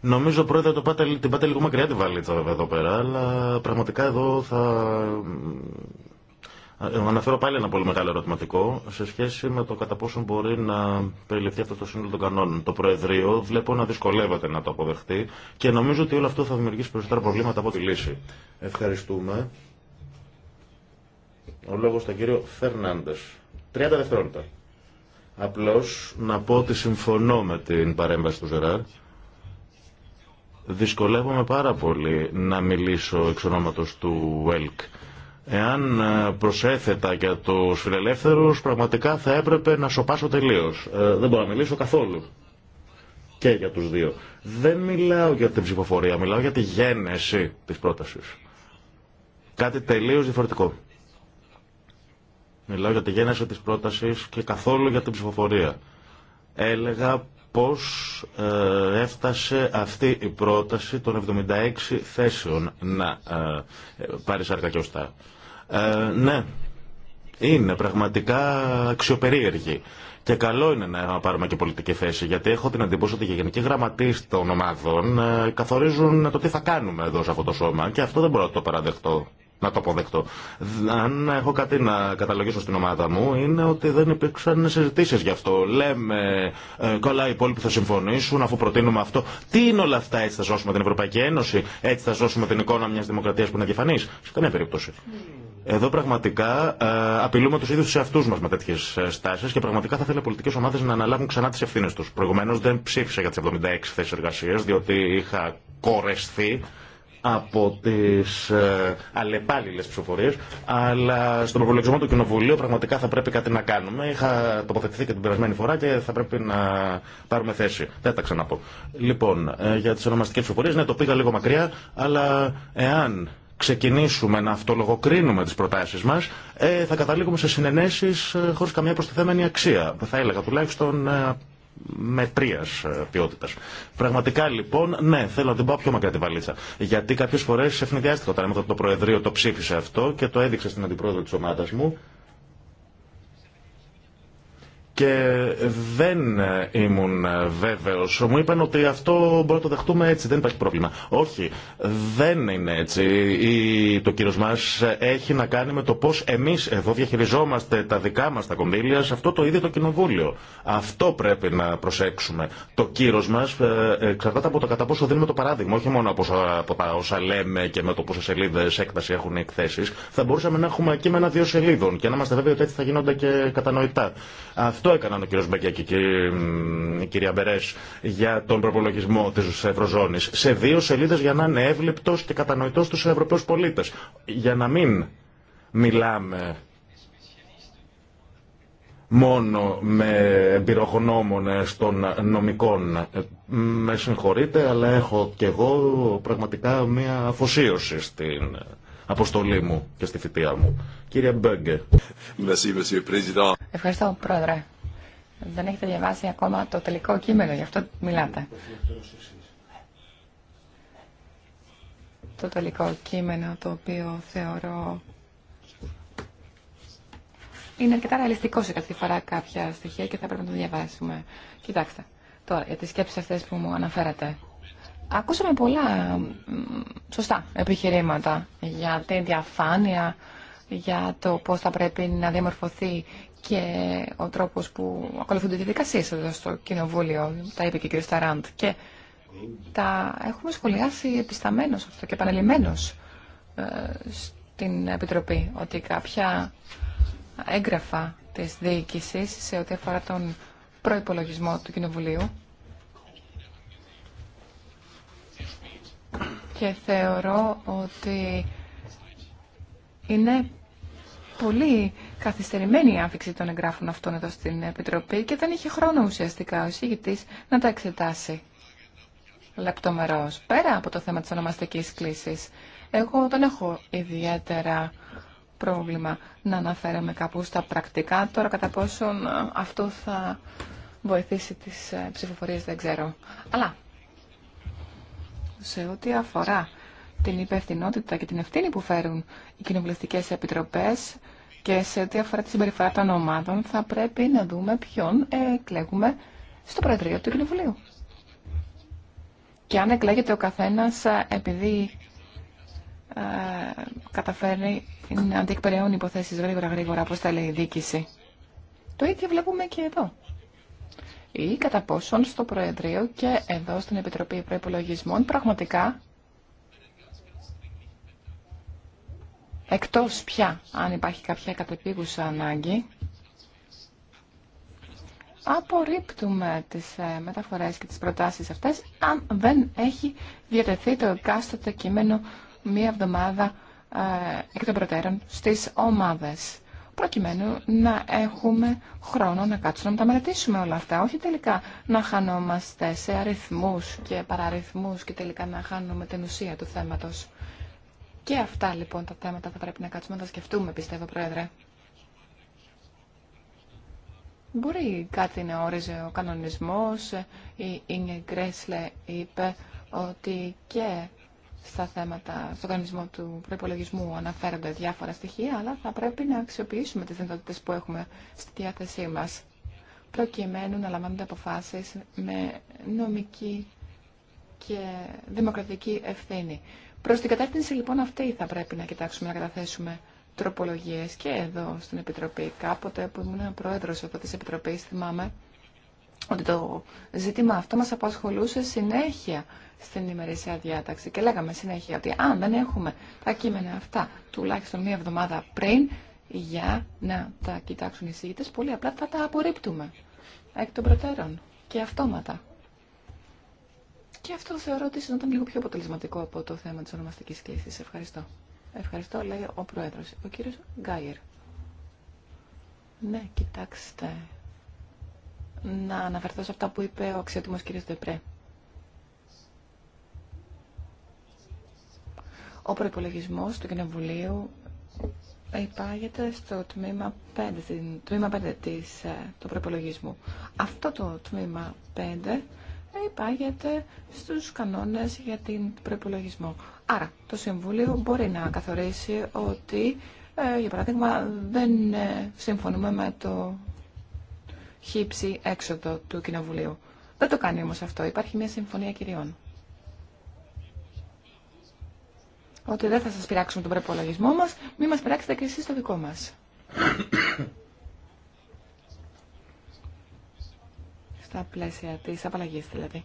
Νομίζω, Πρόεδρε, το πάτε, την πάτε λίγο μακριά τη βαλίτσα εδώ πέρα, αλλά πραγματικά εδώ θα ε, αναφέρω πάλι ένα πολύ μεγάλο ερωτηματικό σε σχέση με το κατά πόσο μπορεί να περιληφθεί αυτό το σύνολο των κανόνων. Το Προεδρείο βλέπω να δυσκολεύεται να το αποδεχτεί και νομίζω ότι όλο αυτό θα δημιουργήσει περισσότερα προβλήματα από τη λύση. Ευχαριστούμε. Ο λόγος στον κύριο Φερνάντε. 30 δευτερόλεπτα. Απλώς να πω ότι συμφωνώ με την παρέμβαση του Ζεράρ. Δυσκολεύομαι πάρα πολύ να μιλήσω εξ ονόματος του ΕΛΚ Εάν ε, προσέθετα για τους φιλελεύθερους, πραγματικά θα έπρεπε να σοπάσω τελείως. Ε, δεν μπορώ να μιλήσω καθόλου. Και για τους δύο. Δεν μιλάω για την ψηφοφορία, μιλάω για τη γένεση της πρότασης. Κάτι τελείως διαφορετικό. Μιλάω για τη γένεση της πρότασης και καθόλου για την ψηφοφορία. Έλεγα πώς ε, έφτασε αυτή η πρόταση των 76 θέσεων να πάρει σάρκα ε, ναι, είναι πραγματικά αξιοπερίεργη. Και καλό είναι να πάρουμε και πολιτική θέση, γιατί έχω την εντύπωση ότι οι γενικοί γραμματεί των ομάδων ε, καθορίζουν το τι θα κάνουμε εδώ σε αυτό το σώμα και αυτό δεν μπορώ να το παραδεχτώ να το αποδεχτώ. Αν έχω κάτι να καταλογίσω στην ομάδα μου είναι ότι δεν υπήρξαν συζητήσει γι' αυτό. Λέμε, ε, καλά οι υπόλοιποι θα συμφωνήσουν αφού προτείνουμε αυτό. Τι είναι όλα αυτά, έτσι θα ζώσουμε την Ευρωπαϊκή Ένωση, έτσι θα ζώσουμε την εικόνα μια δημοκρατία που είναι διαφανή. Σε καμία περίπτωση. Εδώ πραγματικά ε, απειλούμε του ίδιου του εαυτού μα με τέτοιε στάσει και πραγματικά θα θέλει οι πολιτικέ ομάδε να αναλάβουν ξανά τι ευθύνε του. Προηγουμένω δεν ψήφισα για τι 76 θέσει εργασία διότι είχα κορεστεί από τις ε, αλλεπάλληλες ψηφοφορίες, αλλά στον προπολογισμό του Κοινοβουλίου πραγματικά θα πρέπει κάτι να κάνουμε. Είχα τοποθετηθεί και την περασμένη φορά και θα πρέπει να πάρουμε θέση. Δεν τα ξαναπώ. Λοιπόν, ε, για τις ονομαστικές ψηφοφορίες, ναι, το πήγα λίγο μακριά, αλλά εάν ξεκινήσουμε να αυτολογοκρίνουμε τις προτάσεις μας, ε, θα καταλήγουμε σε συνενέσεις ε, χωρίς καμία προστιθέμενη αξία. Θα έλεγα τουλάχιστον ε, μετρία ε, ποιότητα. Πραγματικά λοιπόν, ναι, θέλω να την πάω πιο μακριά τη βαλίτσα. Γιατί κάποιε φορέ ευνηδιάστηκα όταν έμαθα το Προεδρείο το ψήφισε αυτό και το έδειξε στην αντιπρόεδρο τη ομάδα μου και δεν ήμουν βέβαιος. Μου είπαν ότι αυτό μπορεί να το δεχτούμε έτσι, δεν υπάρχει πρόβλημα. Όχι, δεν είναι έτσι. ή Το κύριο μας έχει να κάνει με το πώς εμείς εδώ διαχειριζόμαστε τα δικά μας τα κονδύλια σε αυτό το ίδιο το κοινοβούλιο. Αυτό πρέπει να προσέξουμε. Το κύριο μας ε, εξαρτάται από το κατά πόσο δίνουμε το παράδειγμα, όχι μόνο από τα όσα λέμε και με το πόσε σελίδε έκταση έχουν οι εκθέσει. Θα μπορούσαμε να έχουμε κείμενα δύο σελίδων και να είμαστε βέβαιοι ότι έτσι θα γίνονται και κατανοητά. Το έκαναν ο κ. Μπακιά και η κυρία Μπερέ για τον προπολογισμό τη Ευρωζώνη. Σε δύο σελίδε για να είναι εύληπτο και κατανοητό στου Ευρωπαίου πολίτε. Για να μην μιλάμε μόνο με εμπειρογνώμονες των νομικών. Με συγχωρείτε, αλλά έχω κι εγώ πραγματικά μια αφοσίωση στην αποστολή μου και στη θητεία μου. Κύριε Μπέγκε. Ευχαριστώ, Πρόεδρε. Δεν έχετε διαβάσει ακόμα το τελικό κείμενο, γι' αυτό μιλάτε. Το τελικό κείμενο το οποίο θεωρώ είναι αρκετά ρεαλιστικό σε κάθε φορά κάποια στοιχεία και θα πρέπει να το διαβάσουμε. Κοιτάξτε, τώρα για τις σκέψεις αυτές που μου αναφέρατε. Ακούσαμε πολλά σωστά επιχειρήματα για την διαφάνεια, για το πώς θα πρέπει να διαμορφωθεί και ο τρόπος που ακολουθούνται οι διαδικασίε εδώ στο Κοινοβούλιο, τα είπε και ο κ. Σταράντ. Και τα έχουμε σχολιάσει επισταμένως αυτό και ε, στην Επιτροπή, ότι κάποια έγγραφα της διοίκηση σε ό,τι αφορά τον προπολογισμό του Κοινοβουλίου και θεωρώ ότι είναι πολύ καθυστερημένη η άφηξη των εγγράφων αυτών εδώ στην Επιτροπή και δεν είχε χρόνο ουσιαστικά ο εισηγητής να τα εξετάσει λεπτομερώς. Πέρα από το θέμα της ονομαστικής κλίσης, εγώ δεν έχω ιδιαίτερα πρόβλημα να αναφέρομαι κάπου στα πρακτικά. Τώρα κατά πόσον ε, αυτό θα βοηθήσει τις ε, ψηφοφορίες δεν ξέρω. Αλλά σε ό,τι αφορά την υπευθυνότητα και την ευθύνη που φέρουν οι κοινοβουλευτικές επιτροπές, και σε ό,τι αφορά τη συμπεριφορά των ομάδων, θα πρέπει να δούμε ποιον ε, εκλέγουμε στο Προεδρείο του Κοινοβουλίου. Και αν εκλέγεται ο καθένας ε, επειδή ε, καταφέρνει να αντιεκπαιρεώνει υποθέσεις γρήγορα γρήγορα, όπως τα λέει η διοίκηση. Το ίδιο βλέπουμε και εδώ. Ή κατά πόσον στο Προεδρείο και εδώ στην Επιτροπή Προπολογισμών πραγματικά εκτός πια αν υπάρχει κάποια κατεπίγουσα ανάγκη. Απορρίπτουμε τις ε, μεταφορές και τις προτάσεις αυτές αν δεν έχει διατεθεί το εκάστοτε κείμενο μία εβδομάδα ε, εκ των προτέρων στις ομάδες προκειμένου να έχουμε χρόνο να κάτσουμε να τα μελετήσουμε όλα αυτά. Όχι τελικά να χανόμαστε σε αριθμούς και παραρυθμούς και τελικά να χάνουμε την ουσία του θέματος. Και αυτά λοιπόν τα θέματα θα πρέπει να κάτσουμε να τα σκεφτούμε, πιστεύω, Πρόεδρε. Μπορεί κάτι να όριζε ο κανονισμός. Η Γκρέσλε είπε ότι και στα θέματα, στον κανονισμό του προπολογισμού αναφέρονται διάφορα στοιχεία, αλλά θα πρέπει να αξιοποιήσουμε τις δυνατότητες που έχουμε στη διάθεσή μας, προκειμένου να λαμβάνονται αποφάσεις με νομική και δημοκρατική ευθύνη. Προ την κατεύθυνση λοιπόν αυτή θα πρέπει να κοιτάξουμε να καταθέσουμε τροπολογίες και εδώ στην Επιτροπή. Κάποτε που ήμουν πρόεδρος από τη Επιτροπή, θυμάμαι ότι το ζήτημα αυτό μας απασχολούσε συνέχεια στην ημερήσια διάταξη και λέγαμε συνέχεια ότι αν δεν έχουμε τα κείμενα αυτά τουλάχιστον μία εβδομάδα πριν για να τα κοιτάξουν οι συγητές, πολύ απλά θα τα απορρίπτουμε εκ των προτέρων και αυτόματα. Και αυτό θεωρώ ότι ήταν λίγο πιο αποτελεσματικό από το θέμα τη ονομαστικής κλίσης. Ευχαριστώ. Ευχαριστώ, λέει ο Πρόεδρος, ο κύριο Γκάιερ. Ναι, κοιτάξτε. Να αναφερθώ σε αυτά που είπε ο αξιότιμο κύριο Δεπρέ. Ο προπολογισμό του Κοινοβουλίου υπάγεται στο τμήμα 5, τμήμα 5 της, ε, του προπολογισμού. Αυτό το τμήμα 5 υπάγεται στους κανόνες για την προπολογισμό. Άρα, το Συμβούλιο μπορεί να καθορίσει ότι, ε, για παράδειγμα, δεν ε, συμφωνούμε με το χύψη έξοδο του Κοινοβουλίου. Δεν το κάνει όμως αυτό. Υπάρχει μια συμφωνία κυριών. Ότι δεν θα σας πειράξουμε τον προπολογισμό μας, μη μας πειράξετε και εσείς το δικό μας. στα πλαίσια της απαλλαγής δηλαδή.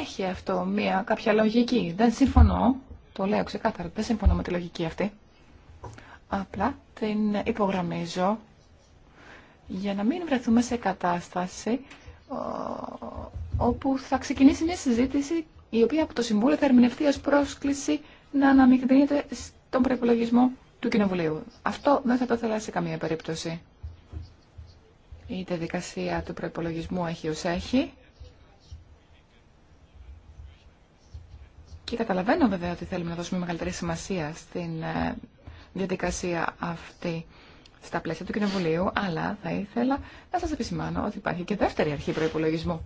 Έχει αυτό μία κάποια λογική. Δεν συμφωνώ, το λέω ξεκάθαρα, δεν συμφωνώ με τη λογική αυτή. Απλά την υπογραμμίζω για να μην βρεθούμε σε κατάσταση όπου θα ξεκινήσει μια συζήτηση η οποία από το Συμβούλιο θα ερμηνευτεί ως πρόσκληση να αναμειγνύεται στον προπολογισμό του Κοινοβουλίου. Αυτό δεν θα το θέλα σε καμία περίπτωση. Η διαδικασία του προπολογισμού έχει ως έχει. Και καταλαβαίνω βέβαια ότι θέλουμε να δώσουμε μεγαλύτερη σημασία στην ε, διαδικασία αυτή στα πλαίσια του Κοινοβουλίου, αλλά θα ήθελα να σας επισημάνω ότι υπάρχει και δεύτερη αρχή προϋπολογισμού,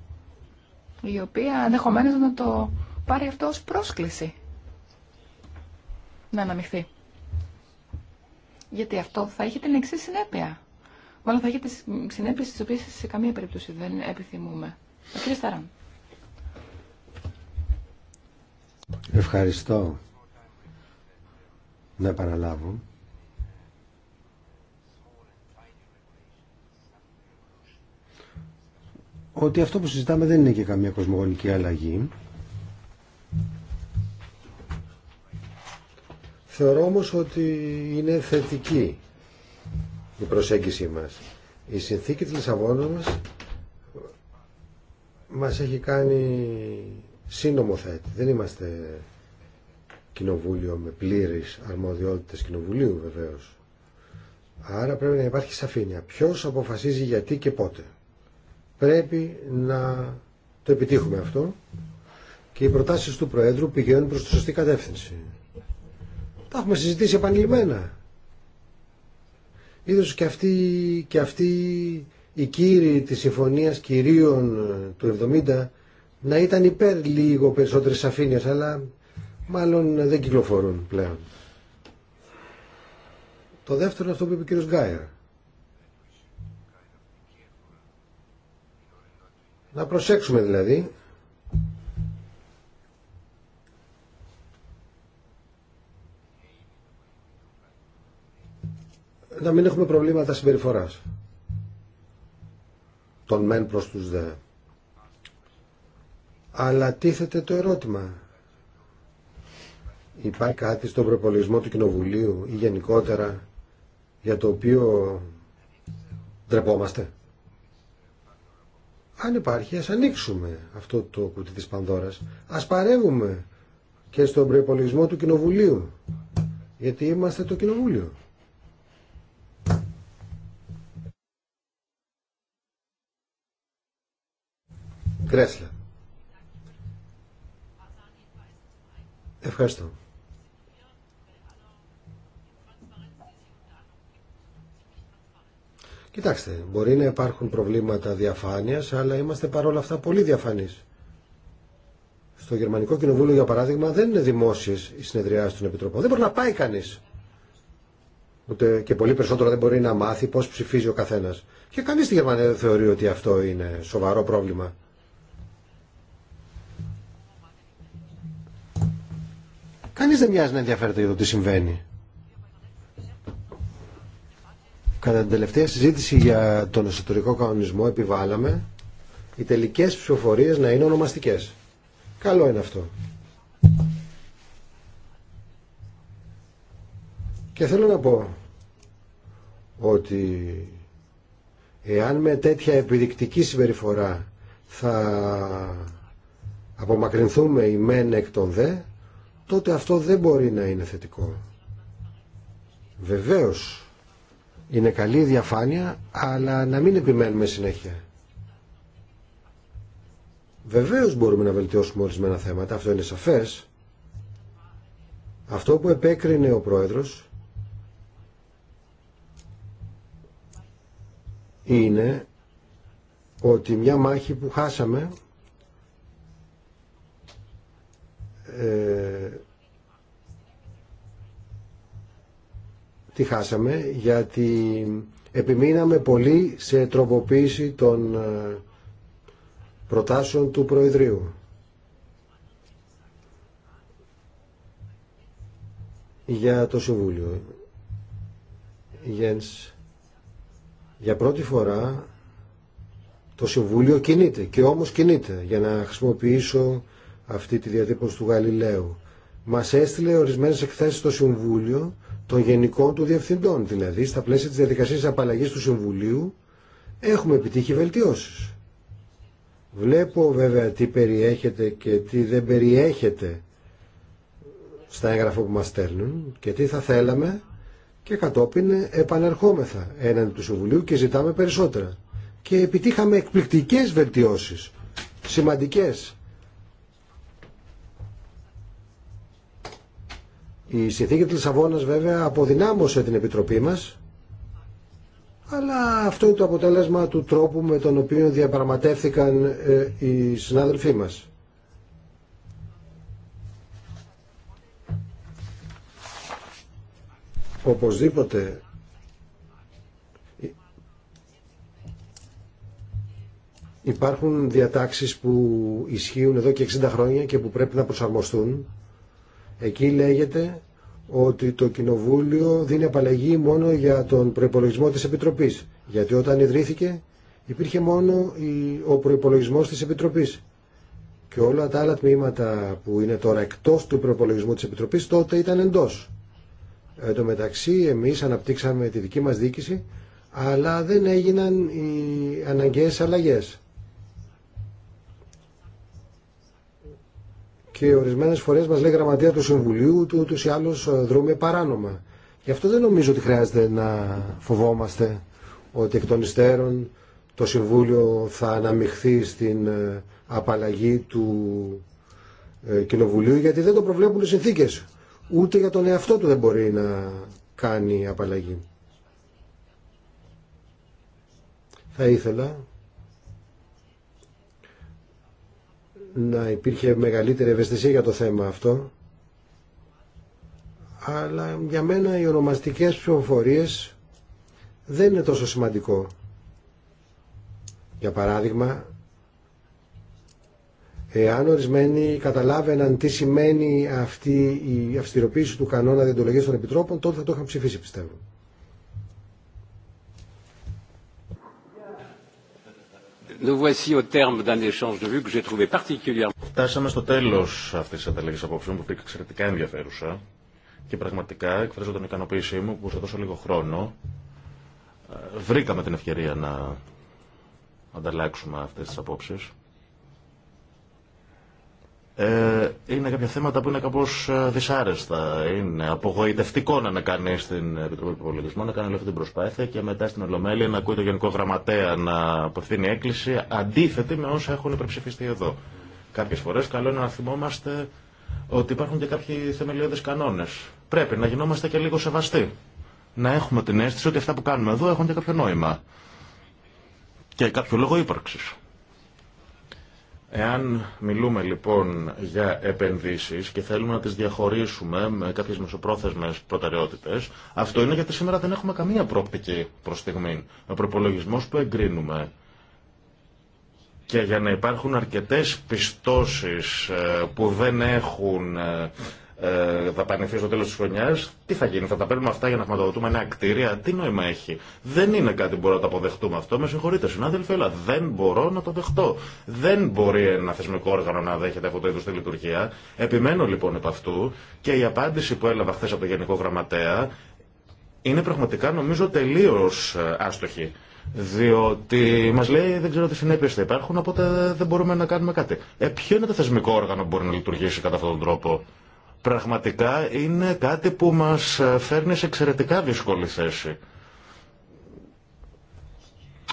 η οποία ενδεχομένω να το πάρει αυτό ως πρόσκληση να αναμειχθεί. Γιατί αυτό θα έχει την εξή συνέπεια μάλλον θα έχει τις συνέπειες τις οποίες σε καμία περίπτωση δεν επιθυμούμε. Ο Ευχαριστώ να επαναλάβω ότι αυτό που συζητάμε δεν είναι και καμία κοσμογονική αλλαγή. Θεωρώ όμως ότι είναι θετική η προσέγγιση μας. Η συνθήκη της Λισαβόνας μας μας έχει κάνει σύνομο θέτη. Δεν είμαστε κοινοβούλιο με πλήρης αρμοδιότητες κοινοβουλίου βεβαίως. Άρα πρέπει να υπάρχει σαφήνεια. Ποιος αποφασίζει γιατί και πότε. Πρέπει να το επιτύχουμε αυτό και οι προτάσεις του Προέδρου πηγαίνουν προς τη σωστή κατεύθυνση. Τα έχουμε συζητήσει επανειλημμένα Ίσως και αυτοί, και αυτή οι κύριοι της Συμφωνίας Κυρίων ε, του 70 να ήταν υπέρ λίγο περισσότερες σαφήνειας αλλά μάλλον ε, δεν κυκλοφορούν πλέον. Το δεύτερο είναι αυτό που είπε ο κ. Γκάιρ. Να προσέξουμε δηλαδή να μην έχουμε προβλήματα συμπεριφοράς των μεν προς τους δε. Αλλά τίθεται το ερώτημα. Υπάρχει κάτι στον προπολογισμό του Κοινοβουλίου ή γενικότερα για το οποίο ντρεπόμαστε. Αν υπάρχει, ας ανοίξουμε αυτό το κουτί της Πανδώρας. Ας παρεύουμε και στον προπολογισμό του Κοινοβουλίου. Γιατί είμαστε το Κοινοβούλιο. Ευχαριστώ. Κοιτάξτε, μπορεί να υπάρχουν προβλήματα διαφάνειας, αλλά είμαστε παρόλα αυτά πολύ διαφανείς. Στο Γερμανικό Κοινοβούλιο, για παράδειγμα, δεν είναι δημόσιες οι συνεδριάσεις των Επιτροπών. Δεν μπορεί να πάει κανείς. Ούτε και πολύ περισσότερο δεν μπορεί να μάθει πώς ψηφίζει ο καθένας. Και κανείς στη Γερμανία δεν θεωρεί ότι αυτό είναι σοβαρό πρόβλημα. Κανείς δεν μοιάζει να ενδιαφέρεται για το τι συμβαίνει. Κατά την τελευταία συζήτηση για τον εσωτερικό κανονισμό επιβάλαμε οι τελικές ψηφοφορίες να είναι ονομαστικές. Καλό είναι αυτό. Και θέλω να πω ότι εάν με τέτοια επιδεικτική συμπεριφορά θα απομακρυνθούμε η μεν εκ των δε, τότε αυτό δεν μπορεί να είναι θετικό. Βεβαίως είναι καλή η διαφάνεια, αλλά να μην επιμένουμε συνέχεια. Βεβαίως μπορούμε να βελτιώσουμε ορισμένα θέματα, αυτό είναι σαφές. Αυτό που επέκρινε ο Πρόεδρος είναι ότι μια μάχη που χάσαμε ε, τη χάσαμε γιατί επιμείναμε πολύ σε τροποποίηση των ε, προτάσεων του Προεδρείου. για το Συμβούλιο. Γένς, για πρώτη φορά το Συμβούλιο κινείται και όμως κινείται για να χρησιμοποιήσω αυτή τη διατύπωση του Γαλιλαίου. Μας έστειλε ορισμένες εκθέσεις στο Συμβούλιο των γενικών του διευθυντών. Δηλαδή, στα πλαίσια της διαδικασίας απαλλαγής του Συμβουλίου έχουμε επιτύχει βελτιώσεις. Βλέπω βέβαια τι περιέχεται και τι δεν περιέχεται στα έγγραφα που μας στέλνουν και τι θα θέλαμε και κατόπιν επανερχόμεθα έναντι του Συμβουλίου και ζητάμε περισσότερα. Και επιτύχαμε εκπληκτικές βελτιώσεις, σημαντικές Η συνθήκη της Λισαβόνας βέβαια αποδυνάμωσε την Επιτροπή μας, αλλά αυτό είναι το αποτέλεσμα του τρόπου με τον οποίο διαπραγματεύθηκαν ε, οι συνάδελφοί μας. Οπωσδήποτε υπάρχουν διατάξεις που ισχύουν εδώ και 60 χρόνια και που πρέπει να προσαρμοστούν. Εκεί λέγεται ότι το Κοινοβούλιο δίνει απαλλαγή μόνο για τον προπολογισμό της Επιτροπής. Γιατί όταν ιδρύθηκε υπήρχε μόνο ο προπολογισμό της Επιτροπής. Και όλα τα άλλα τμήματα που είναι τώρα εκτός του προπολογισμού της Επιτροπής τότε ήταν εντός. Ε, εν τω μεταξύ εμείς αναπτύξαμε τη δική μας δίκηση αλλά δεν έγιναν οι αναγκαίες αλλαγές. και ορισμένες φορές μας λέει γραμματεία του Συμβουλίου του ούτως ή άλλως ε, δρούμε παράνομα. Γι' αυτό δεν νομίζω ότι χρειάζεται να φοβόμαστε ότι εκ των υστέρων το Συμβούλιο θα αναμειχθεί στην ε, απαλλαγή του ε, Κοινοβουλίου γιατί δεν το προβλέπουν οι συνθήκες. Ούτε για τον εαυτό του δεν μπορεί να κάνει απαλλαγή. Θα ήθελα να υπήρχε μεγαλύτερη ευαισθησία για το θέμα αυτό αλλά για μένα οι ονομαστικές ψηφοφορίες δεν είναι τόσο σημαντικό. Για παράδειγμα, εάν ορισμένοι καταλάβαιναν τι σημαίνει αυτή η αυστηροποίηση του κανόνα διεντολογίας των επιτρόπων, τότε θα το είχαν ψηφίσει, πιστεύω. Φτάσαμε στο τέλο αυτή τη ανταλλαγή απόψεων που πήγε εξαιρετικά ενδιαφέρουσα και πραγματικά εκφράζω την ικανοποίησή μου που σε τόσο λίγο χρόνο ε, βρήκαμε την ευκαιρία να ανταλλάξουμε αυτέ τι απόψει. Ε, είναι κάποια θέματα που είναι κάπω ε, δυσάρεστα. Είναι απογοητευτικό να είναι κανεί στην Επιτροπή Πολιτισμού να κάνει όλη αυτή την προσπάθεια και μετά στην Ολομέλεια να ακούει το Γενικό Γραμματέα να απευθύνει έκκληση αντίθετη με όσα έχουν υπερψηφιστεί εδώ. Κάποιε φορέ καλό είναι να θυμόμαστε ότι υπάρχουν και κάποιοι θεμελιώδει κανόνε. Πρέπει να γινόμαστε και λίγο σεβαστοί. Να έχουμε την αίσθηση ότι αυτά που κάνουμε εδώ έχουν και κάποιο νόημα. Και κάποιο λόγο ύπαρξη. Εάν μιλούμε λοιπόν για επενδύσεις και θέλουμε να τις διαχωρίσουμε με κάποιες μεσοπρόθεσμες προτεραιότητες, αυτό είναι γιατί σήμερα δεν έχουμε καμία πρόπτικη προς στιγμή. Ο προπολογισμό που εγκρίνουμε και για να υπάρχουν αρκετές πιστώσεις ε, που δεν έχουν ε, ε, θα πανηθεί στο τέλο τη χρονιά, τι θα γίνει, θα τα παίρνουμε αυτά για να χρηματοδοτούμε νέα κτίρια, τι νόημα έχει. Δεν είναι κάτι που μπορώ να το αποδεχτούμε αυτό, με συγχωρείτε συνάδελφοι, αλλά δεν μπορώ να το δεχτώ. Δεν μπορεί ένα θεσμικό όργανο να δέχεται αυτό το είδο τη λειτουργία. Επιμένω λοιπόν επ' αυτού και η απάντηση που έλαβα χθε από τον Γενικό Γραμματέα είναι πραγματικά νομίζω τελείω ε, άστοχη. Διότι μα λέει δεν ξέρω τι συνέπειε θα υπάρχουν, οπότε δεν μπορούμε να κάνουμε κάτι. Ε, ποιο είναι το θεσμικό όργανο που μπορεί να λειτουργήσει κατά αυτόν τον τρόπο πραγματικά είναι κάτι που μας φέρνει σε εξαιρετικά δύσκολη θέση.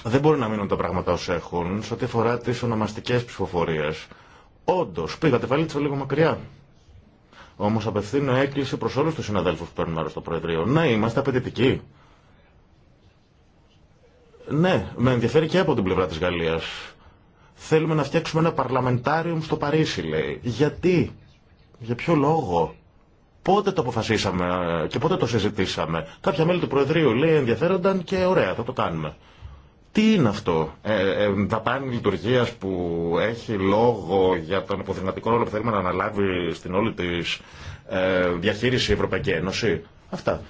Δεν μπορεί να μείνουν τα πράγματα ως έχουν, σε ό,τι αφορά τις ονομαστικές ψηφοφορίες. Όντως, πήγατε τη βαλίτσα λίγο μακριά. Όμως απευθύνω έκκληση προς όλους του συναδέλφους που παίρνουν μέρο στο Προεδρείο. Να είμαστε απαιτητικοί. Ναι, με ενδιαφέρει και από την πλευρά της Γαλλίας. Θέλουμε να φτιάξουμε ένα παρλαμεντάριο στο Παρίσι, λέει. Γιατί για ποιο λόγο. Πότε το αποφασίσαμε ε, και πότε το συζητήσαμε. Κάποια μέλη του Προεδρείου λέει ενδιαφέρονταν και ωραία, θα το κάνουμε. Τι είναι αυτό, ε, ε, δαπάνη λειτουργία που έχει λόγο για τον υποθεματικό ρόλο που θέλουμε να αναλάβει στην όλη της ε, διαχείριση η Ευρωπαϊκή Ένωση. Αυτά.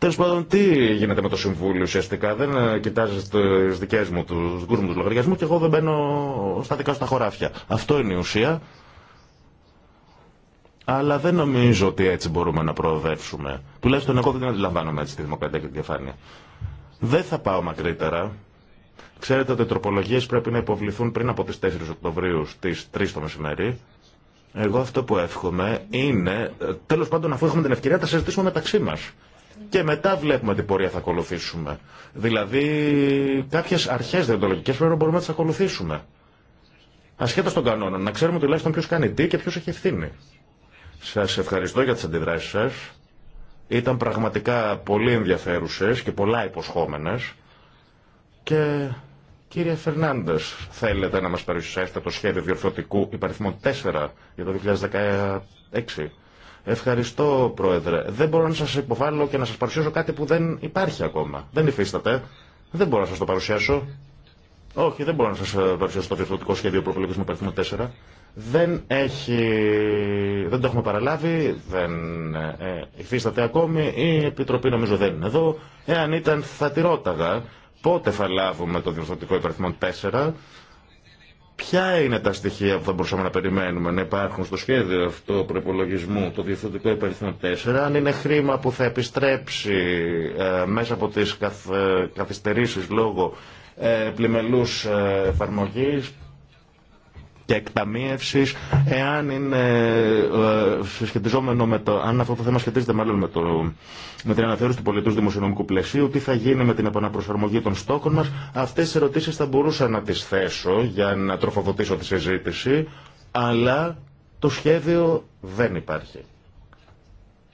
Τέλο πάντων, τι γίνεται με το Συμβούλιο ουσιαστικά. Δεν ε, κοιτάζει τι δικέ μου, του δικού μου του λογαριασμού και εγώ δεν μπαίνω στα δικά σου τα χωράφια. Αυτό είναι η ουσία. Αλλά δεν νομίζω ότι έτσι μπορούμε να προοδεύσουμε. Τουλάχιστον εγώ δεν αντιλαμβάνομαι έτσι τη δημοκρατία και τη διαφάνεια. Δεν θα πάω μακρύτερα. Ξέρετε ότι οι τροπολογίε πρέπει να υποβληθούν πριν από τι 4 Οκτωβρίου στι 3 το μεσημέρι. Εγώ αυτό που εύχομαι είναι, ε, τέλο πάντων, αφού έχουμε την ευκαιρία, να συζητήσουμε μεταξύ μα και μετά βλέπουμε τι πορεία θα ακολουθήσουμε. Δηλαδή, κάποιε αρχέ διοντολογικέ πρέπει να μπορούμε να τι ακολουθήσουμε. Ασχέτω των κανόνων, να ξέρουμε τουλάχιστον ποιο κάνει τι και ποιο έχει ευθύνη. Σα ευχαριστώ για τι αντιδράσει σα. Ήταν πραγματικά πολύ ενδιαφέρουσε και πολλά υποσχόμενε. Και κύριε Φερνάντε, θέλετε να μα παρουσιάσετε το σχέδιο διορθωτικού υπαριθμών 4 για το 2016. Ευχαριστώ, Πρόεδρε. Δεν μπορώ να σα υποβάλω και να σα παρουσιάσω κάτι που δεν υπάρχει ακόμα. Δεν υφίσταται. Δεν μπορώ να σα το παρουσιάσω. Όχι, δεν μπορώ να σα ε, παρουσιάσω το διευθυντικό σχέδιο προπολογισμού παριθμού 4. Δεν, έχει, δεν το έχουμε παραλάβει, δεν ε, ε, υφίσταται ακόμη. Η Επιτροπή νομίζω δεν είναι εδώ. Εάν ήταν, θα τη ρώταγα πότε θα λάβουμε το διευθυντικό υπαριθμό 4 Ποια είναι τα στοιχεία που θα μπορούσαμε να περιμένουμε να υπάρχουν στο σχέδιο αυτό προπολογισμού, το διευθυντικό υπαριθμό 4, αν είναι χρήμα που θα επιστρέψει ε, μέσα από τις καθ, καθυστερήσεις λόγω ε, πλημελούς ε, εφαρμογής, και εκταμείευση, εάν είναι ε, ε, σχετιζόμενο με το, αν αυτό το θέμα σχετίζεται μάλλον με, το, με την αναθεώρηση του πολιτού δημοσιονομικού πλαισίου, τι θα γίνει με την επαναπροσαρμογή των στόχων μα, αυτέ τι ερωτήσει θα μπορούσα να τι θέσω για να τροφοδοτήσω τη συζήτηση, αλλά το σχέδιο δεν υπάρχει.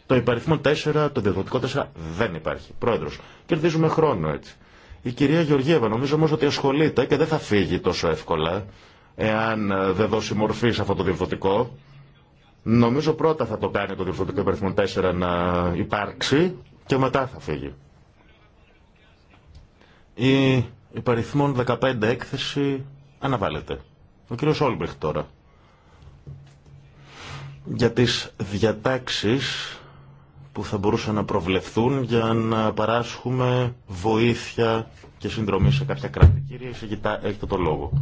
Το υπαριθμό 4, το διαδοτικό 4 δεν υπάρχει. Πρόεδρο, κερδίζουμε χρόνο έτσι. Η κυρία Γεωργίευα νομίζω όμω ότι ασχολείται και δεν θα φύγει τόσο εύκολα εάν ε, δεν δώσει μορφή σε αυτό το διευθυντικό Νομίζω πρώτα θα το κάνει το διευθυντικό υπαριθμό 4 να υπάρξει και μετά θα φύγει. Η υπαριθμό 15 έκθεση αναβάλλεται. Ο κύριος Όλμπριχτ τώρα. Για τις διατάξεις που θα μπορούσαν να προβλεφθούν για να παράσχουμε βοήθεια και συνδρομή σε κάποια κράτη. Κύριε Σιγητά, έχετε το λόγο.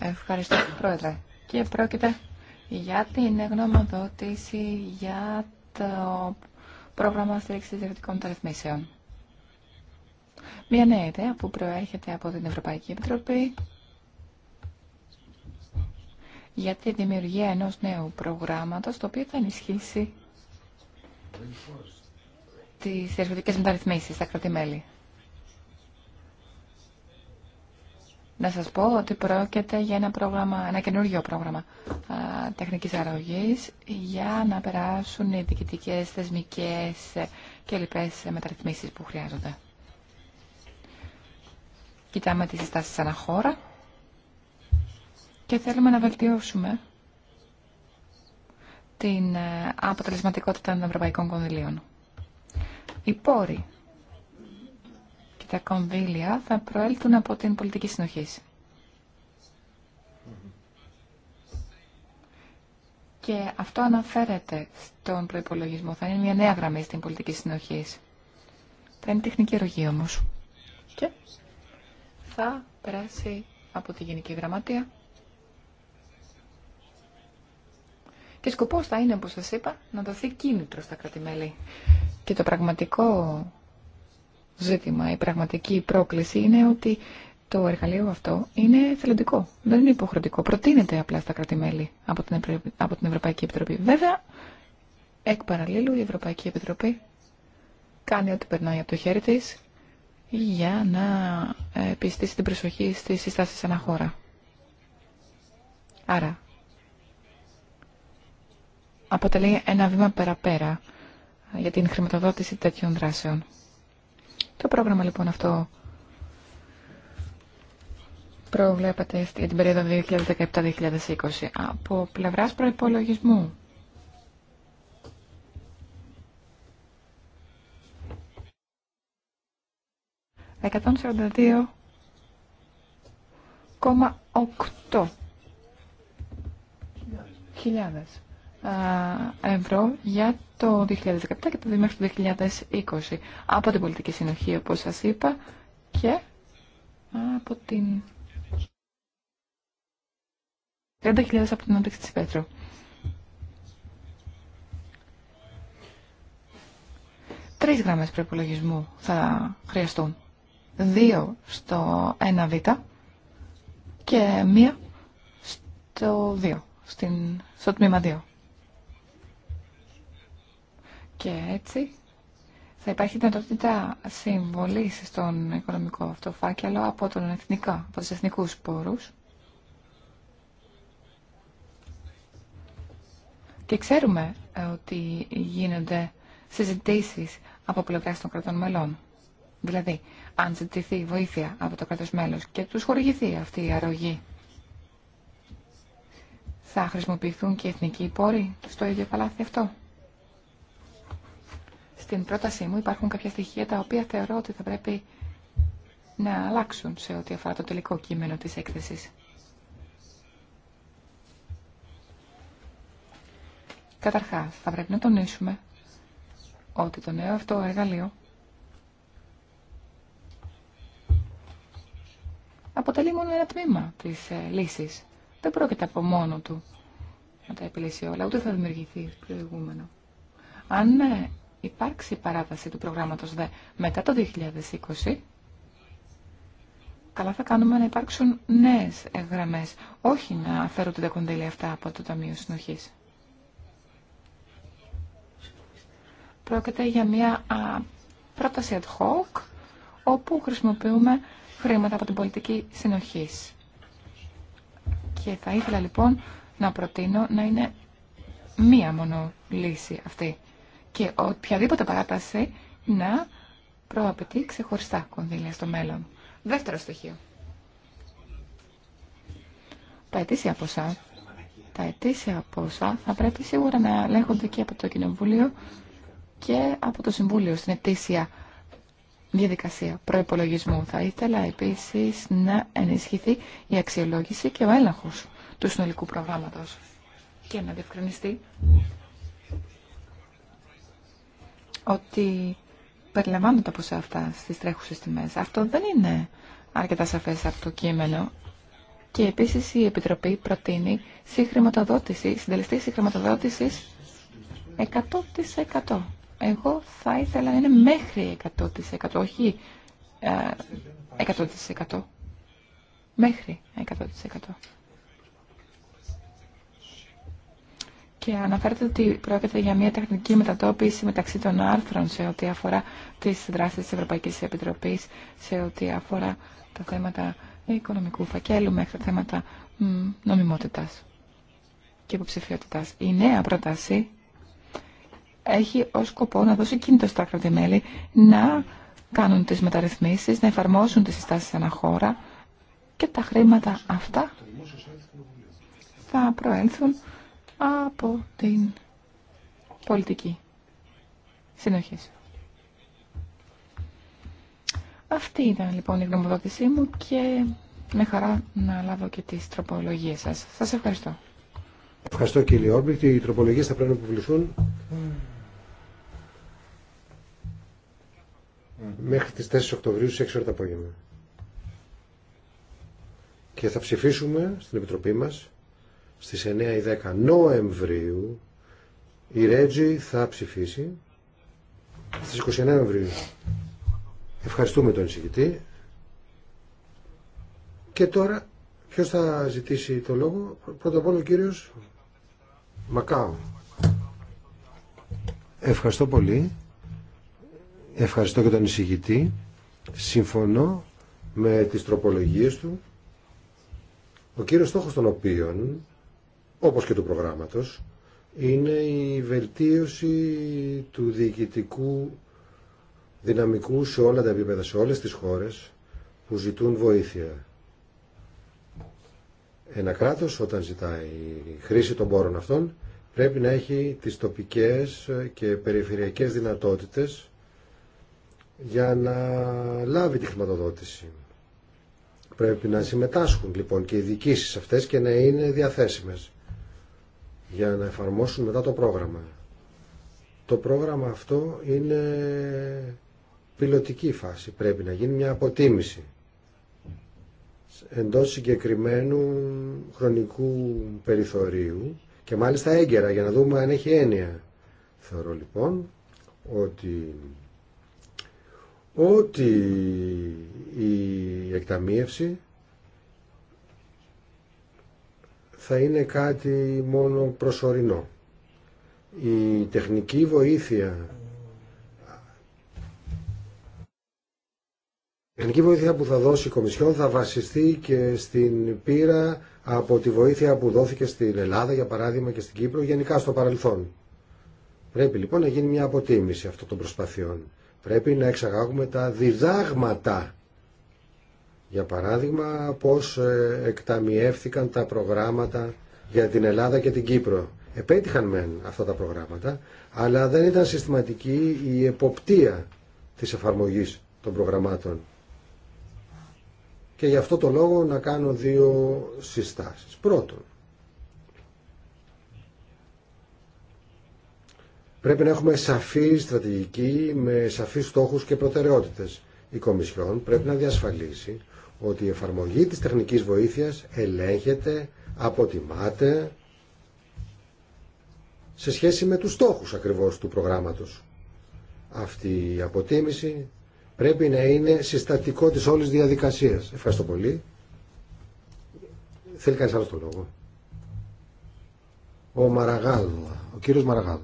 Ευχαριστώ, Πρόεδρε. Και πρόκειται για την γνωμοδότηση για το πρόγραμμα στήριξη διευθυντικών μεταρρυθμίσεων. Μια νέα ιδέα που προέρχεται από την Ευρωπαϊκή Επιτροπή για τη δημιουργία ενός νέου προγράμματος το οποίο θα ενισχύσει τις διευθυντικές μεταρρυθμίσεις στα κρατημέλη. Να σας πω ότι πρόκειται για ένα, πρόγραμμα, ένα καινούργιο πρόγραμμα α, τεχνικής αραγωγής για να περάσουν οι διοικητικές, θεσμικές ε, και λοιπές ε, μεταρρυθμίσεις που χρειάζονται. Κοιτάμε τις συστάσεις αναχώρα χώρα και θέλουμε να βελτιώσουμε την ε, αποτελεσματικότητα των ευρωπαϊκών κονδυλίων. Οι πόροι τα κονδύλια θα προέλθουν από την πολιτική συνοχή. Και αυτό αναφέρεται στον προϋπολογισμό. Θα είναι μια νέα γραμμή στην πολιτική συνοχή. Θα είναι τεχνική ρογή όμω. Και θα περάσει από τη Γενική Γραμματεία. Και σκοπός θα είναι, όπως σας είπα, να δοθεί κίνητρο στα κρατημέλη. Και το πραγματικό ζήτημα, η πραγματική πρόκληση είναι ότι το εργαλείο αυτό είναι θελοντικό, δεν είναι υποχρεωτικό. Προτείνεται απλά στα κράτη-μέλη από, από την Ευρωπαϊκή Επιτροπή. Βέβαια, εκ παραλλήλου η Ευρωπαϊκή Επιτροπή κάνει ό,τι περνάει από το χέρι τη για να ε, πιστήσει την προσοχή στις συστάσεις αναχώρα. Άρα, αποτελεί ένα βήμα για την χρηματοδότηση τέτοιων δράσεων. Το πρόγραμμα λοιπόν αυτό προβλέπατε για την περίοδο 2017-2020 από πλευράς προϋπολογισμού. 142,8 χιλιάδες. Ε, ευρώ για το 2017 και το μέχρι το 2020 από την πολιτική συνοχή όπως σας είπα και από την 30.000 από την ανάπτυξη της Πέτρου. Τρεις γραμμές προπολογισμού θα χρειαστούν. Δύο στο 1β και μία στο 2, στην, στο τμήμα 2. Και έτσι θα υπάρχει δυνατότητα συμβολή στον οικονομικό αυτό φάκελο από, τον εθνικό, από τους εθνικούς πόρους. Και ξέρουμε ε, ότι γίνονται συζητήσεις από πλευράς των κρατών μελών. Δηλαδή, αν ζητηθεί βοήθεια από το κράτος μέλος και τους χορηγηθεί αυτή η αρρωγή, θα χρησιμοποιηθούν και οι εθνικοί πόροι στο ίδιο παλάθι αυτό στην πρότασή μου υπάρχουν κάποια στοιχεία τα οποία θεωρώ ότι θα πρέπει να αλλάξουν σε ό,τι αφορά το τελικό κείμενο της έκθεσης. Καταρχάς, θα πρέπει να τονίσουμε ότι το νέο αυτό εργαλείο αποτελεί μόνο ένα τμήμα της ε, λύσης. Δεν πρόκειται από μόνο του να τα επιλύσει όλα, ούτε θα δημιουργηθεί προηγούμενο. Αν ε, υπάρξει παράταση του προγράμματος ΔΕ μετά το 2020, καλά θα κάνουμε να υπάρξουν νέες γραμμές, όχι να φέρουν τα κονδύλια αυτά από το Ταμείο Συνοχής. Πρόκειται για μια πρόταση ad hoc, όπου χρησιμοποιούμε χρήματα από την πολιτική συνοχής. Και θα ήθελα λοιπόν να προτείνω να είναι μία μόνο λύση αυτή και οποιαδήποτε παράταση να προαπαιτεί ξεχωριστά κονδύλια στο μέλλον. Δεύτερο στοιχείο. Τα αιτήσια ποσά. Τα ετήσια ποσά θα πρέπει σίγουρα να ελέγχονται και από το Κοινοβούλιο και από το Συμβούλιο στην ετήσια διαδικασία προϋπολογισμού. Θα ήθελα επίσης να ενισχυθεί η αξιολόγηση και ο έλεγχος του συνολικού προγράμματος και να διευκρινιστεί ότι περιλαμβάνονται από σε αυτά στις τρέχουσες τιμές. Αυτό δεν είναι αρκετά σαφές από το κείμενο. Και επίσης η Επιτροπή προτείνει συγχρηματοδότηση, συντελεστή συγχρηματοδότηση 100%. Εγώ θα ήθελα να είναι μέχρι 100%, όχι 100%. Ε, μέχρι 100%. και αναφέρεται ότι πρόκειται για μια τεχνική μετατόπιση μεταξύ των άρθρων σε ό,τι αφορά τις δράσεις τη Ευρωπαϊκής Επιτροπής, σε ό,τι αφορά τα θέματα οικονομικού φακέλου μέχρι τα θέματα νομιμότητας και υποψηφιότητα. Η νέα πρόταση έχει ως σκοπό να δώσει κίνητο στα κράτη-μέλη να κάνουν τις μεταρρυθμίσεις, να εφαρμόσουν τις συστάσεις χώρα και τα χρήματα αυτά θα προέλθουν από την πολιτική συνοχή. Αυτή ήταν λοιπόν η γνωμοδότησή μου και με χαρά να λάβω και τις τροπολογίες σας. Σας ευχαριστώ. Ευχαριστώ κύριε Όρμπιχτ. Οι τροπολογίες θα πρέπει να επιβληθούν μέχρι τις 4 Οκτωβρίου στις 6 ώρα το απόγευμα. Και θα ψηφίσουμε στην Επιτροπή μας στις 9 ή 10 Νοεμβρίου η Ρέτζη θα ψηφίσει στις 29 Νοεμβρίου. Ευχαριστούμε τον εισηγητή. Και τώρα ποιος θα ζητήσει το λόγο. Πρώτα απ' όλο ο κύριος Μακάου. Ευχαριστώ πολύ. Ευχαριστώ και τον εισηγητή. Συμφωνώ με τις τροπολογίες του. Ο κύριος στόχος των οποίων όπως και του προγράμματος, είναι η βελτίωση του διοικητικού δυναμικού σε όλα τα επίπεδα, σε όλες τις χώρες που ζητούν βοήθεια. Ένα κράτος όταν ζητάει χρήση των πόρων αυτών πρέπει να έχει τις τοπικές και περιφερειακές δυνατότητες για να λάβει τη χρηματοδότηση. Πρέπει να συμμετάσχουν λοιπόν και οι διοικήσεις αυτές και να είναι διαθέσιμες για να εφαρμόσουν μετά το πρόγραμμα. Το πρόγραμμα αυτό είναι πιλωτική φάση. Πρέπει να γίνει μια αποτίμηση εντός συγκεκριμένου χρονικού περιθωρίου και μάλιστα έγκαιρα για να δούμε αν έχει έννοια. Θεωρώ λοιπόν ότι ότι η εκταμίευση θα είναι κάτι μόνο προσωρινό. Η τεχνική βοήθεια η τεχνική βοήθεια που θα δώσει η Κομισιόν θα βασιστεί και στην πείρα από τη βοήθεια που δόθηκε στην Ελλάδα για παράδειγμα και στην Κύπρο γενικά στο παρελθόν. Πρέπει λοιπόν να γίνει μια αποτίμηση αυτών των προσπαθειών. Πρέπει να εξαγάγουμε τα διδάγματα για παράδειγμα, πώς ε, εκταμιεύθηκαν τα προγράμματα για την Ελλάδα και την Κύπρο. Επέτυχαν μεν αυτά τα προγράμματα, αλλά δεν ήταν συστηματική η εποπτεία της εφαρμογής των προγραμμάτων. Και γι' αυτό το λόγο να κάνω δύο συστάσεις. Πρώτον, πρέπει να έχουμε σαφή στρατηγική με σαφείς στόχους και προτεραιότητες. Η Κομισιόν πρέπει να διασφαλίσει ότι η εφαρμογή της τεχνικής βοήθειας ελέγχεται, αποτιμάται σε σχέση με τους στόχους ακριβώς του προγράμματος. Αυτή η αποτίμηση πρέπει να είναι συστατικό της όλης διαδικασίας. Ευχαριστώ πολύ. Θέλει κανείς άλλο το λόγο. Ο Μαραγάλ, ο κύριος Μαραγάλ.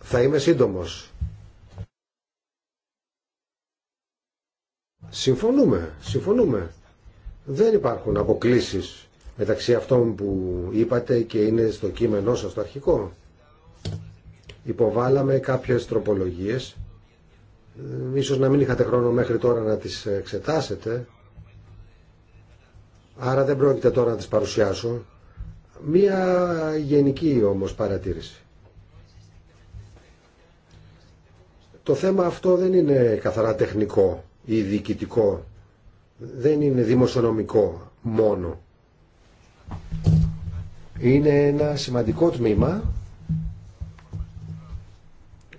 Θα είμαι σύντομος. Συμφωνούμε, συμφωνούμε. Δεν υπάρχουν αποκλήσει μεταξύ αυτών που είπατε και είναι στο κείμενό σας το αρχικό. Υποβάλαμε κάποιες τροπολογίες, ίσως να μην είχατε χρόνο μέχρι τώρα να τις εξετάσετε, άρα δεν πρόκειται τώρα να τις παρουσιάσω. Μία γενική όμως παρατήρηση. Το θέμα αυτό δεν είναι καθαρά τεχνικό ή διοικητικό. Δεν είναι δημοσιονομικό μόνο. Είναι ένα σημαντικό τμήμα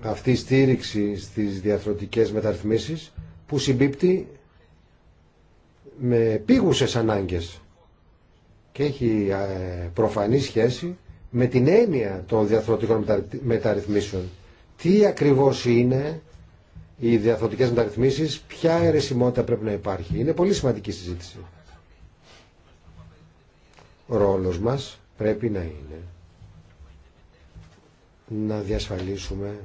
αυτή η στήριξη στις διαθροτικές μεταρρυθμίσεις που συμπίπτει με πήγουσες ανάγκες και έχει ε, προφανή σχέση με την έννοια των διαθροτικών μεταρρυθμίσεων. Τι ακριβώς είναι οι διαθροτικές μεταρρυθμίσεις, ποια αιρεσιμότητα πρέπει να υπάρχει. Είναι πολύ σημαντική συζήτηση. Ο ρόλος μας πρέπει να είναι να διασφαλίσουμε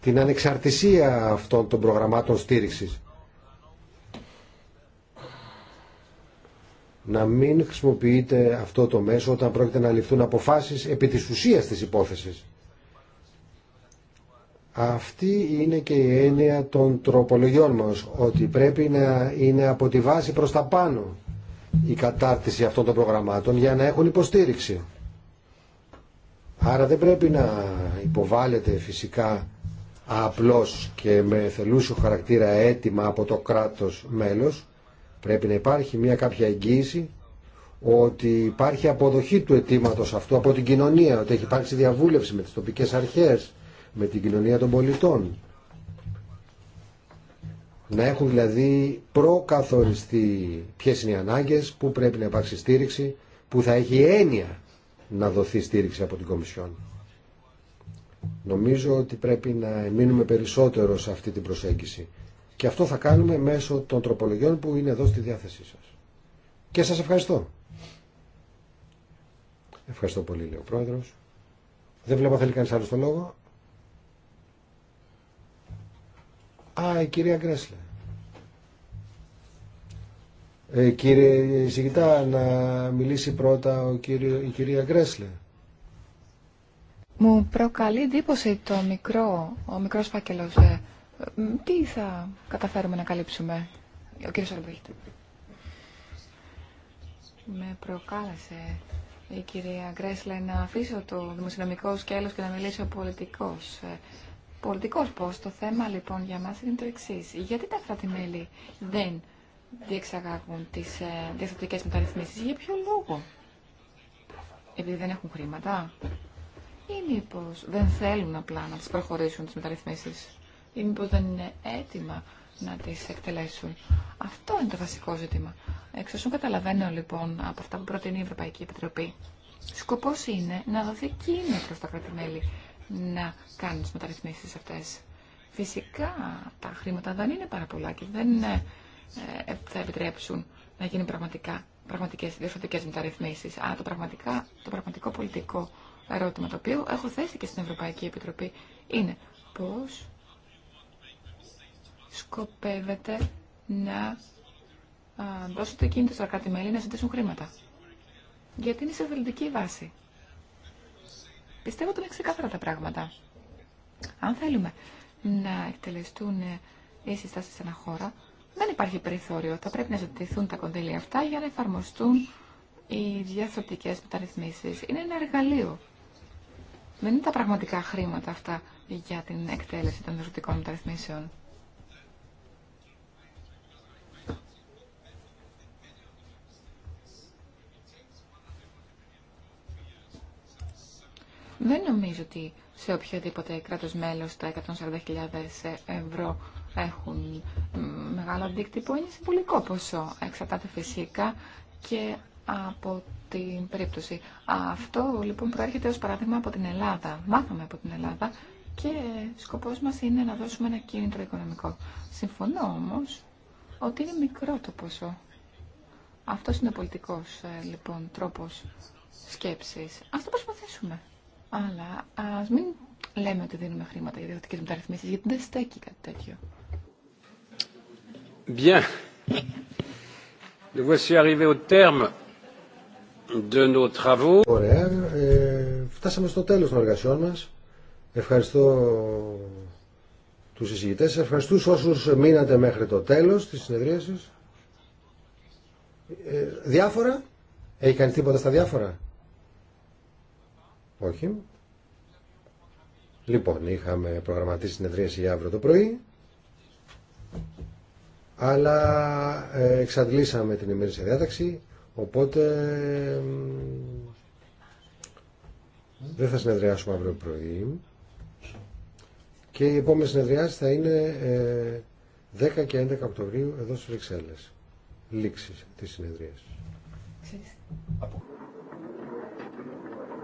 την ανεξαρτησία αυτών των προγραμμάτων στήριξης. Να μην χρησιμοποιείται αυτό το μέσο όταν πρόκειται να ληφθούν αποφάσεις επί της ουσίας της υπόθεσης. Αυτή είναι και η έννοια των τροπολογιών μας, ότι πρέπει να είναι από τη βάση προς τα πάνω η κατάρτιση αυτών των προγραμμάτων για να έχουν υποστήριξη. Άρα δεν πρέπει να υποβάλλεται φυσικά απλώς και με θελούσιο χαρακτήρα έτοιμα από το κράτος μέλος. Πρέπει να υπάρχει μια κάποια εγγύηση ότι υπάρχει αποδοχή του αιτήματο αυτού από την κοινωνία, ότι έχει υπάρξει διαβούλευση με τις τοπικές αρχές, με την κοινωνία των πολιτών. Να έχουν δηλαδή προκαθοριστεί ποιες είναι οι ανάγκες, που πρέπει να υπάρξει στήριξη, που θα έχει έννοια να δοθεί στήριξη από την Κομισιόν. Νομίζω ότι πρέπει να μείνουμε περισσότερο σε αυτή την προσέγγιση. Και αυτό θα κάνουμε μέσω των τροπολογιών που είναι εδώ στη διάθεσή σας. Και σας ευχαριστώ. Ευχαριστώ πολύ, λέει ο Πρόεδρος. Δεν βλέπω θέλει κανεί άλλο το λόγο. Α, η κυρία Γκρέσλε. Ε, κύριε Σιγητά, να μιλήσει πρώτα ο η κυρία Γκρέσλε. Μου προκαλεί εντύπωση το μικρό, ο μικρός φάκελος. Ε, τι θα καταφέρουμε να καλύψουμε, ο κύριος Αλμπρίχτη. Με προκάλεσε η κυρία Γκρέσλε να αφήσω το δημοσιονομικό σκέλος και να μιλήσω πολιτικός. Ε, πολιτικός πώ, Το θέμα λοιπόν για μα είναι το εξή. Γιατί τα κράτη-μέλη δεν διεξαγάγουν τι ε, μεταρρυθμίσει μεταρρυθμίσεις, για ποιο λόγο. Επειδή δεν έχουν χρήματα ή μήπω δεν θέλουν απλά να τις προχωρήσουν τις μεταρρυθμίσεις ή μήπω δεν είναι έτοιμα να τις εκτελέσουν. Αυτό είναι το βασικό ζήτημα. Εξ όσων καταλαβαίνω λοιπόν από αυτά που προτείνει η Ευρωπαϊκή Επιτροπή, σκοπός είναι να δοθεί κίνητρο στα κράτη-μέλη να κάνουν τι μεταρρυθμίσεις αυτές. Φυσικά τα χρήματα δεν είναι πάρα πολλά και δεν ε, ε, θα επιτρέψουν να γίνουν πραγματικά, πραγματικές μεταρρυθμίσει. μεταρρυθμίσεις. Αλλά το, πραγματικά, το πραγματικό πολιτικό ερώτημα το οποίο έχω θέσει και στην Ευρωπαϊκή Επιτροπή είναι πώς σκοπεύετε να δώσετε κίνητο στα κράτη-μέλη να ζητήσουν χρήματα. Γιατί είναι σε βάση. Πιστεύω ότι είναι ξεκάθαρα τα πράγματα. Αν θέλουμε να εκτελεστούν οι συστάσει σε ένα χώρα, δεν υπάρχει περιθώριο. Θα πρέπει να ζητηθούν τα κονδύλια αυτά για να εφαρμοστούν οι διαθροτικέ μεταρρυθμίσει. Είναι ένα εργαλείο. Δεν είναι τα πραγματικά χρήματα αυτά για την εκτέλεση των διαθροτικών μεταρρυθμίσεων. Δεν νομίζω ότι σε οποιοδήποτε κράτος μέλος τα 140.000 ευρώ έχουν μεγάλο αντίκτυπο. Είναι συμβολικό ποσό. Εξαρτάται φυσικά και από την περίπτωση. Αυτό λοιπόν προέρχεται ως παράδειγμα από την Ελλάδα. Μάθαμε από την Ελλάδα και σκοπός μας είναι να δώσουμε ένα κίνητρο οικονομικό. Συμφωνώ όμως ότι είναι μικρό το ποσό. Αυτό είναι ο πολιτικός ε, λοιπόν τρόπος σκέψης. Ας το προσπαθήσουμε. Αλλά α μην λέμε ότι δίνουμε χρήματα για διδακτικέ μεταρρυθμίσει, γιατί δεν στέκει κάτι τέτοιο. Bien. Nous voici arrivés au terme de nos travaux. Ωραία. Ε, φτάσαμε στο τέλος των εργασιών μας. Ευχαριστώ τους εισηγητές. Ευχαριστώ όσους μείνατε μέχρι το τέλος της συνεδρίασης. Ε, διάφορα. Έχει κάνει τίποτα στα διάφορα. Όχι. Λοιπόν, είχαμε προγραμματίσει συνεδρίαση για αύριο το πρωί, αλλά ε, εξαντλήσαμε την σε διάταξη, οπότε δεν θα συνεδριάσουμε αύριο το πρωί και οι επόμενη συνεδριάσεις θα είναι 10 ε, και 11 Οκτωβρίου εδώ στις Βρυξέλλες. Λήξη της συνεδρίας.